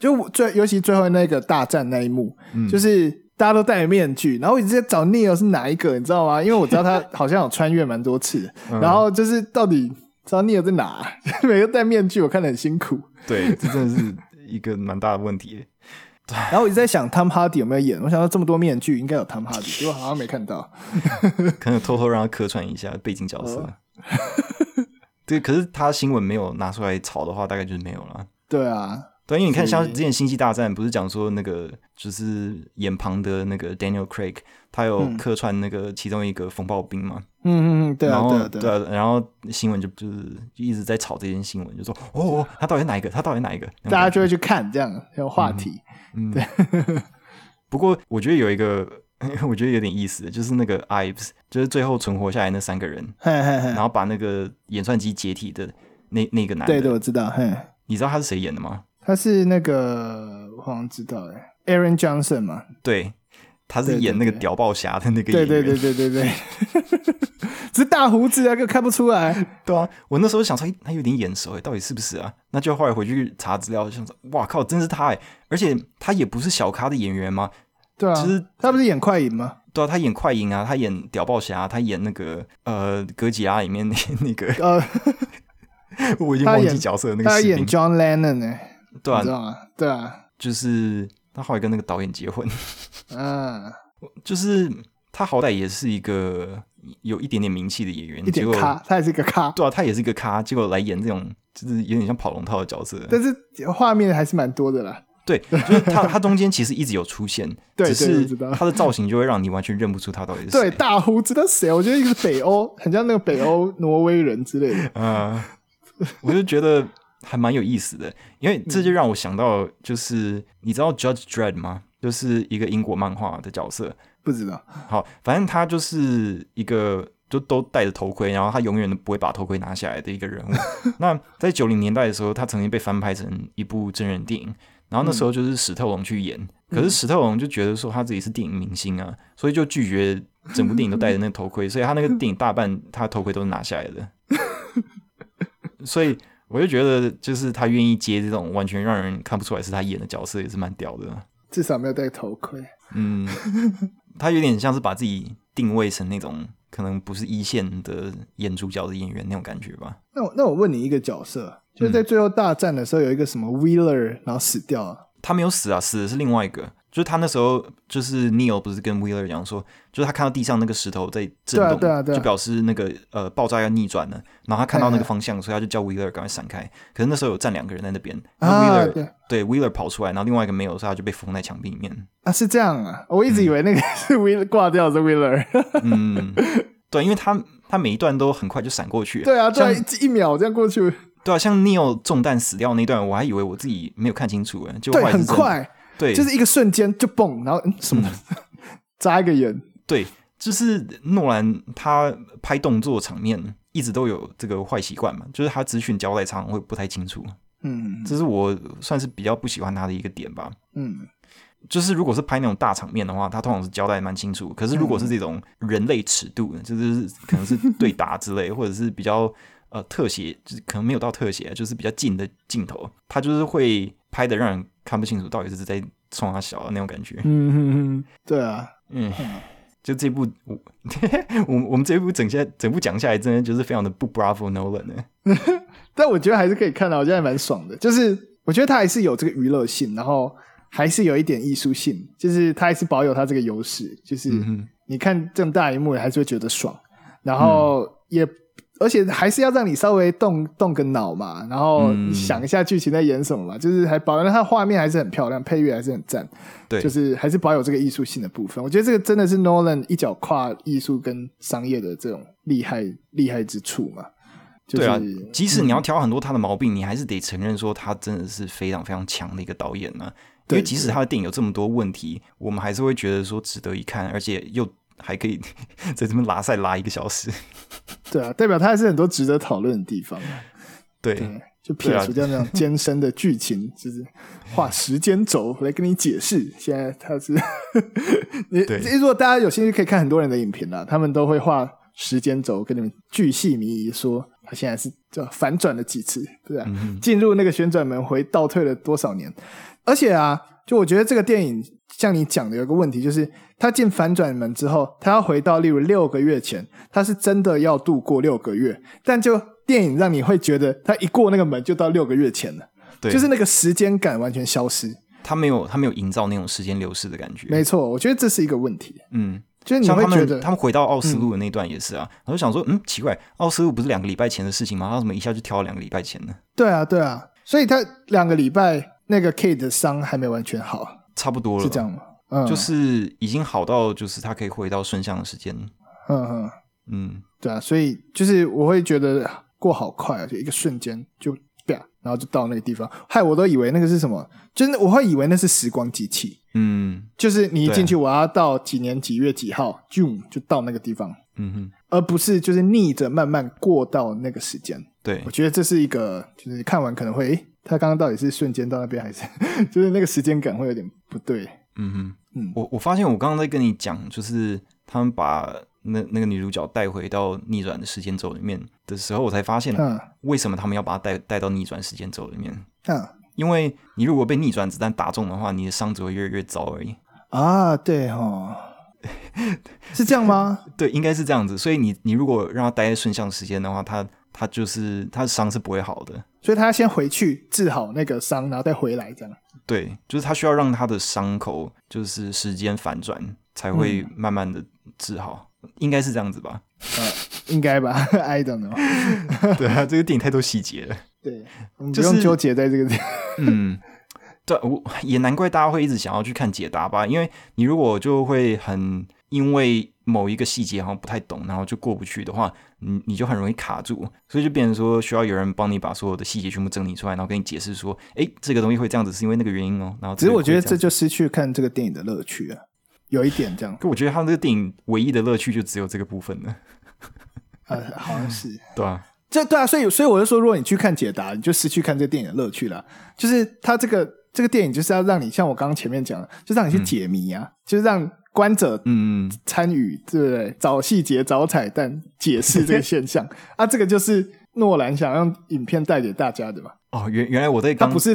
就我最尤其最後那個大戰那一幕，嗯、就是大家都戴着面具，然後我一直在找 Neil 是哪一個，你知道嗎？因為我知道他好像有穿越蠻多次、嗯，然後就是到底知道 Neil 在哪？ 每個戴面具，我看得很辛苦。對，這真的是。 一個蠻大的問題， 然後我一直在想湯哈迪 有沒有演。我想到這麼多面具，應該有湯哈迪， 結果好像沒看到 ， 可能偷偷讓他客串一下背景角色。哦、 對，可是他新聞沒有拿出來炒的話，大概就是沒有了。對啊。對，因為你看，像之前《星際大戰》不是講說那個就是演旁的那個 Daniel Craig，他有客串那個其中一個風暴兵嘛？嗯嗯嗯，對、啊、對、啊、對、啊對、啊對、啊對、啊對啊，然後新聞就就是一直在炒這件新聞，就說哦，哦，他到底哪一個？他到底哪一個？大家就會去看這樣的話題。嗯，對。嗯、 不過我覺得有一個， 我覺得有點意思的，就是那個 Ives，就是最後存活下來那三個人，嘿嘿嘿，然後把那個演算機解體的那那個男的，對對，我知道。嘿，你知道他是誰演的嗎？他是那個，我好像知道哎、欸、，Aaron Johnson 嘛？對，他是演那個屌爆俠的那個演員。對對對對對對，對， 是大鬍子啊，根本看不出來。 對啊，我那時候想說，他有點眼熟哎、欸，到底是不是啊？那就後來回去查資料，想說，哇靠，真是他哎、欸！而且他也不是小咖的演員嗎？對啊，其、就、實、是、他不是演快銀嗎？對啊，他演快銀啊，他演屌爆俠，他演那個呃，《哥吉拉》裡面那個呃， 他演 我已經忘記角色那個。他演 John Lennon 哎、欸。對啊，對啊，就是他後來跟那個導演結婚，嗯、 啊，就是他好歹也是一個有一點點名氣的演員，結果他他也是一個咖，對啊，他也是一個咖，結果來演這種就是有點像跑龍套的角色，但是畫面還是蠻多的啦。對，就是他他中間其實一直有出現 對，只是他的造型就會讓你完全認不出他到底是誰？對，大鬍子他誰？我覺得一個北歐，很像那個北歐挪威人之類的。嗯、啊，我就覺得。還蠻有意思的，因為這就讓我想到，就是、嗯、你知道 Judge Dredd 嗎？就是一個英國漫畫的角色。不知道。好，反正他就是一個，就都戴着頭盔，然後他永遠都不會把頭盔拿下來的一個人物。 那在九零年代的時候，他曾經被翻拍成一部真人電影，然後那時候就是史特龍去演。嗯、可是史特龍就覺得說他自己是電影明星啊，嗯、所以就拒絕整部電影都戴着那個頭盔， 所以他那個電影大半他頭盔都是拿下來的， 所以。我就覺得，就是他願意接這種完全讓人看不出來是他演的角色，也是蠻屌的。至少沒有戴頭盔。嗯， 他有點像是把自己定位成那種可能不是一線的演主角的演員那種感覺吧。那我那我問你一個角色，就是在最後大戰的時候，有一個什麼 Wheeler，然後死掉了、嗯。他沒有死啊，死的是另外一個。就是他那時候，就是 Neil 不是跟 Wheeler 講說，就是他看到地上那個石頭在震動，就表示那個呃爆炸要逆轉了。然後他看到那個方向，所以他就叫 Wheeler 趕快閃開。可是那時候有站兩個人在那邊，然後 Wheeler 對，Wheeler 跑出來，然後另外一個沒有，所以他就被封在牆壁裡面。啊，是這樣啊！我一直以為那個是 Wheeler 掛掉的 Wheeler。嗯，嗯，對，因為他他每一段都很快就閃過去。對啊，這樣一秒這樣過去。對啊，像 Neil 中彈死掉那段，我還以為我自己沒有看清楚就很快。對，就是一個瞬間就蹦，然後什麼的，嗯、 眨一個眼。對，就是諾蘭他拍動作場面一直都有這個壞習慣嘛，就是他只選交代常常會不太清楚。嗯，這是我算是比較不喜歡他的一個點吧。嗯，就是如果是拍那種大場面的話，他通常是交代蠻清楚。可是如果是這種人類尺度的、嗯，就是可能是對打之類， 或者是比較呃特寫，就是可能沒有到特寫，就是比較近的鏡頭，他就是會拍的讓人。看不清楚，到底是在沖他笑的那種感覺。嗯哼哼，對啊，嗯，就這部我， 我，我們這部整下整部講下來，真的就是非常的不 Bravo Nolan 呢。 但我覺得還是可以看到、啊，我覺得還蠻爽的。就是我覺得他還是有這個娛樂性，然後還是有一點藝術性，就是他還是保有他這個優勢。就是你看這麼大螢幕，還是會覺得爽，然後也、嗯。而且還是要讓你稍微動動個腦嘛，然後想一下劇情在演什麼嘛，嗯、就是還保留它畫面還是很漂亮，配樂還是很讚，對，就是還是保有這個藝術性的部分。我覺得這個真的是 Nolan 一腳跨藝術跟商業的這種厲害厲害之處嘛、就是。對啊，即使你要挑很多他的毛病，嗯、你還是得承認說他真的是非常非常強的一個導演呢、啊。因為即使他的電影有這麼多問題，我們還是會覺得說值得一看，而且又。還可以在這邊拉賽拉一個小時，對啊，代表它還是很多值得討論的地方、啊對。對，就撇除掉那種艱深的劇情、啊，就是畫時間軸來跟你解釋。 現在它他是 你對，如果大家有興趣，可以看很多人的影評啦，他們都會畫時間軸跟你們巨細靡遺說，他現在是就反轉了幾次，對不、啊、對？進、嗯、入那個旋轉門回倒退了多少年？而且啊，就我覺得這個電影。像你講的，有一個問題就是，他進反轉門之後，他要回到例如六個月前，他是真的要度過六個月，但就電影讓你會覺得，他一過那個門就到六個月前了，對，就是那個時間感完全消失。他沒有，他沒有營造那種時間流逝的感覺。沒錯，我覺得這是一個問題。嗯，就是你會覺得，他們，他們回到奧斯陸的那段也是啊，我、嗯、就想說，嗯，奇怪，奧斯陸不是兩個禮拜前的事情嗎？他怎麼一下就跳了兩個禮拜前呢？對啊，對啊，所以他兩個禮拜那個 Kate 的傷還沒完全好。差不多了，是這樣嗎？嗯，就是已經好到，就是它可以回到順向的時間。嗯嗯嗯，對啊，所以就是我會覺得過好快啊，就一個瞬間就對啊，然後就到那個地方，害我都以為那個是什麼，真的我會以為那是時光機器。嗯，就是你一進去，我要到幾年幾月幾號就，就到那個地方。嗯嗯，而不是就是逆着慢慢過到那個時間。對，我覺得這是一個，就是看完可能會。他剛剛到底是瞬間到那邊，還是就是那個時間感會有點不對？嗯哼，嗯，我我發現我剛剛在跟你講，就是他們把那那個女主角帶回到逆轉的時間軸裡面的時候，我才發現，嗯，為什麼他們要把她帶帶到逆轉時間軸裡面？嗯，因為你如果被逆轉子彈打中的話，你的傷只會越來越糟而已。啊，對哦， 是這樣嗎？對，應該是這樣子。所以你你如果讓她待在順向時間的話，她。他就是他的傷是不會好的，所以他先回去治好那個傷，然後再回來，這樣。對，就是他需要讓他的傷口就是時間反轉，才會慢慢的治好，嗯、應該是這樣子吧？呃、應該吧 I don't know 對啊，這個電影太多細節了。對，我、就、們、是、不用糾結在這個地方。 嗯，對，我也難怪大家會一直想要去看解答吧，因為你如果就會很因為。某一個細節好像不太懂，然後就過不去的話，你你就很容易卡住，所以就變成說需要有人幫你把所有的細節全部整理出來，然後跟你解釋說，誒，這個東西會這樣子是因為那個原因哦。然後，其實我覺得這，這就失去看這個電影的樂趣啊，有一點這樣。我覺得他這個電影唯一的樂趣就只有這個部分了，呃、啊，好像是 對啊，這對啊，所以所以我就說，如果你去看解答，你就失去看這個電影的樂趣了。就是他這個這個電影就是要讓你像我剛剛前面講的，就讓你去解謎啊，嗯、就是讓。觀者，嗯，參與，對不對？找細節，找彩蛋，解釋這個現象 啊，這個就是諾蘭想讓影片帶給大家，對吧？哦，原原來我在剛不是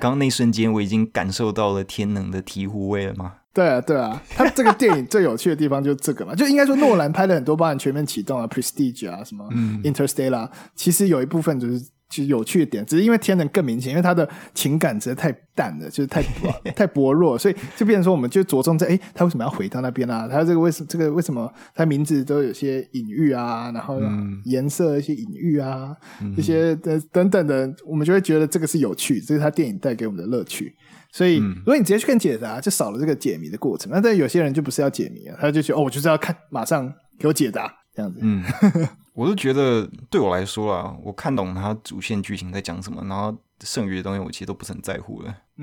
剛那瞬間我已經感受到了天能的醍醐味了嗎？對啊，對啊，他這個電影最有趣的地方就是這個嘛， 就應該說諾蘭拍了很多，包含全面啟動啊，Prestige 啊，什麼 Interstellar，、嗯、其實有一部分就是。有趣的點，只是因為天人更明顯，因為他的情感真的太淡了，就是太 太薄弱，所以就變成說，我們就着重在誒、欸，他為什麼要回到那邊啊？他這個為什麼這個為什麼他名字都有些隱喻啊？然後、啊嗯、顏色一些隱喻啊，嗯、這些等等等的，我們就會覺得這個是有趣，這是他電影帶給我們的樂趣。所以、嗯，如果你直接去看解答，就少了這個解謎的過程。那但有些人就不是要解謎啊，他就覺得哦，我就是要看，馬上給我解答這樣子。嗯。 我都覺得，對我來說啦，我看懂他主線劇情在講什麼，然後剩餘的東西我其實都不是很在乎了。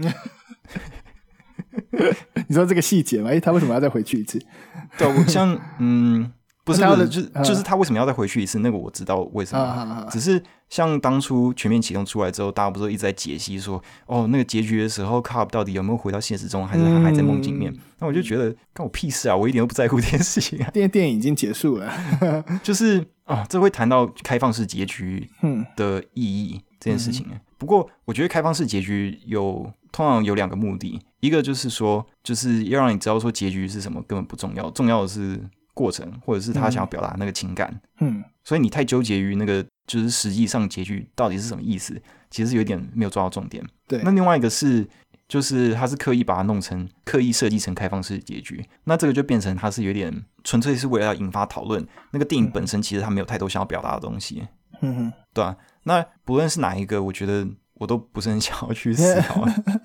你說這個細節嘛？哎、欸，他為什麼要再回去一次？對，像嗯，不是的他的，啊、就是、就是他為什麼要再回去一次？那個我知道為什麼。啊啊啊啊、只是像當初全面啟動出來之後，大家不是一直在解析說，哦，那個結局的時候，Cobb 到底有沒有回到現實中，還是還在夢境面、嗯？那我就覺得干我屁事啊！我一點都不在乎這件事情、啊。因為電影已經結束了， 就是。啊、哦，這會談到開放式結局的意義、嗯、這件事情。嗯、不過，我覺得開放式結局有，通常有兩個目的，一個就是說，就是要讓你知道說結局是什麼根本不重要，重要的是過程，或者是他想要表達那個情感。嗯，嗯，所以你太糾結於那個，就是實際上結局到底是什麼意思，其實有點沒有抓到重點。對，那另外一個是。就是他是刻意把它弄成刻意設計成開放式結局，那這個就變成他是有點純粹是為了要引發討論。那個電影本身其實他沒有太多想要表達的東西，嗯哼，對啊。那不論是哪一個，我覺得我都不是很想要去思考。Yeah.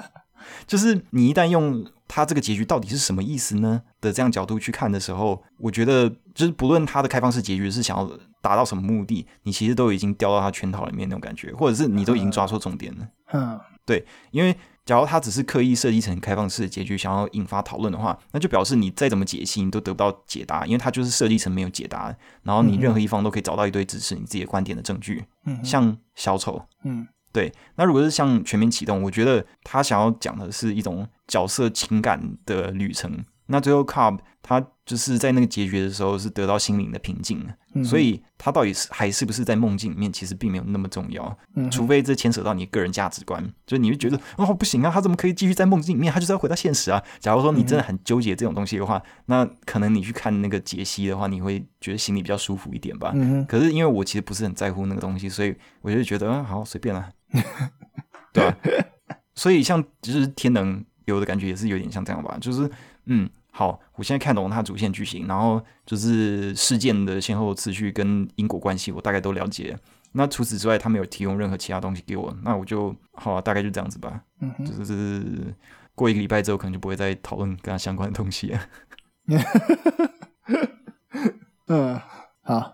就是你一旦用他這個結局到底是什麼意思呢的這樣角度去看的時候，我覺得就是不論他的開放式結局是想要達到什麼目的，你其實都已經掉到他圈套裡面那種感覺，或者是你都已經抓錯重點了。嗯，對，因為。假如他只是刻意設計成開放式的結局，想要引發討論的話，那就表示你再怎麼解析你都得不到解答，因為他就是設計成沒有解答。然後你任何一方都可以找到一堆支持你自己的觀點的證據，嗯，像小丑，嗯，對。那如果是像全面啟動，我覺得他想要講的是一種角色情感的旅程。那最後，Cobb 他就是在那個結局的時候是得到心靈的平靜、嗯，所以他到底是還是不是在夢境裡面，其實並沒有那麼重要。嗯、除非這牽扯到你個人價值觀，就是你會覺得哦不行啊，他怎麼可以繼續在夢境裡面？他就是要回到現實啊！假如說你真的很糾結這種東西的話、嗯，那可能你去看那個解析的話，你會覺得心裡比較舒服一點吧、嗯。可是因為我其實不是很在乎那個東西，所以我就覺得啊，好隨便了、啊， 對吧、啊？所以像其實天能給我的感覺也是有點像這樣吧，就是嗯。好，我現在看懂它主線劇情，然後就是事件的先後次序跟因果關係，我大概都了解了。那除此之外，他沒有提供任何其他東西給我。那我就好啊，大概就這樣子吧。嗯，就是過一個禮拜之後，可能就不會再討論跟他相關的東西了。 嗯，好。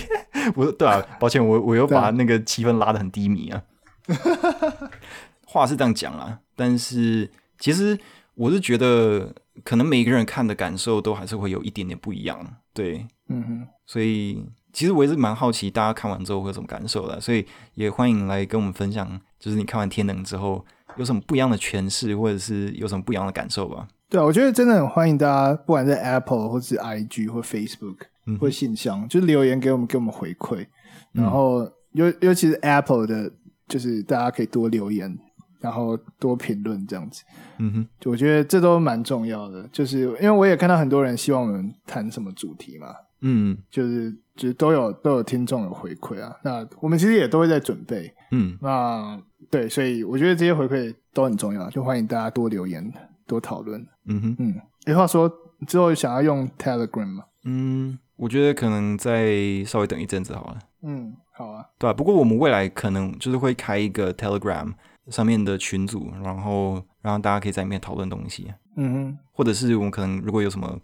我，對啊，抱歉，我我又把那個氣氛拉得很低迷啊。 話是這樣講啦，但是其實我是覺得。可能每一個人看的感受都還是會有一點點不一樣，對，嗯哼，所以其實我也是蠻好奇大家看完之後會有什麼感受的，所以也歡迎來跟我們分享，就是你看完《天能》之後有什麼不一樣的詮釋，或者是有什麼不一樣的感受吧。對啊，我覺得真的很歡迎大家，不管是 Apple 或是 IG 或 Facebook 或信箱，嗯，就留言給我們，給我們回饋。然後尤，嗯、尤其是 Apple 的，就是大家可以多留言。然後多評論這樣子，嗯哼，就我覺得這都蠻重要的，就是因為我也看到很多人希望我們談什麼主題嘛，嗯，就是就是都有都有聽眾有回饋啊，那我們其實也都會在準備，嗯，那對，所以我覺得這些回饋都很重要，就歡迎大家多留言多討論，嗯哼，嗯，有話說之後想要用 Telegram 嗎？嗯，我覺得可能再稍微等一陣子好了，嗯，好啊，對啊，不過我們未來可能就是會開一個 Telegram。上面的群組，然後讓大家可以在裡面討論東西，嗯哼，或者是我們可能如果有什麼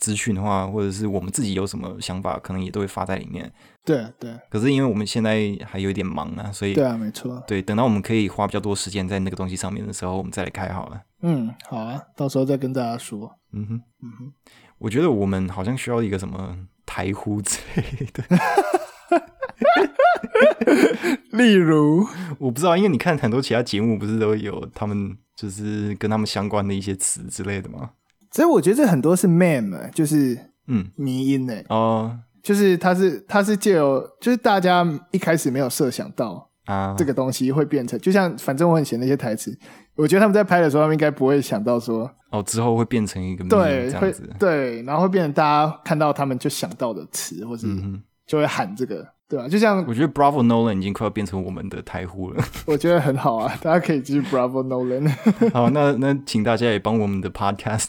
資訊的話，或者是我們自己有什麼想法，可能也都會發在裡面。對對，可是因為我們現在還有一點忙啊，所以對啊，沒錯，對，等到我們可以花比較多時間在那個東西上面的時候，我們再來開好了。嗯，好啊，到時候再跟大家說。嗯哼，嗯哼，我覺得我們好像需要一個什麼台呼之類的 對。 例如，我不知道，因為你看很多其他節目，不是都有他們就是跟他們相關的一些詞之類的嗎？所以我覺得這很多是 man，就是嗯迷因呢、嗯、哦，就是他是他是借由就是大家一開始沒有設想到啊這個東西會變成，啊、就像反正我很閒那些台詞，我覺得他們在拍的時候，他們應該不會想到說哦之後會變成一個迷因對會對，然後會變成大家看到他們就想到的詞，或是就會喊這個。對啊，就像我覺得 Bravo Nolan 已經快要變成我們的台呼了。 我覺得很好啊，大家可以支持 Bravo Nolan。 好，那那請大家也幫我們的 podcast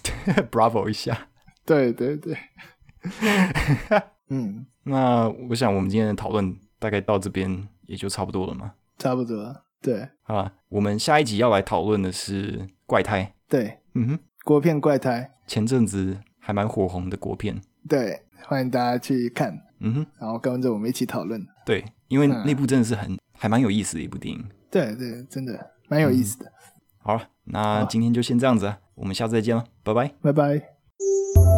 Bravo 一下。對 對對。對對 嗯，那我想我們今天的討論大概到這邊也就差不多了嘛。差不多了，對。好，我們下一集要來討論的是怪胎。對，嗯哼，國片怪胎。前陣子還蠻火紅的國片。對，歡迎大家去看。嗯哼，然後跟着我們一起討論。對，因為那部真的是很、嗯、還蠻有意思的一部電影。對對，真的蠻有意思的。嗯、好了，那今天就先這樣子、哦、我們下次再見了，拜拜，拜拜。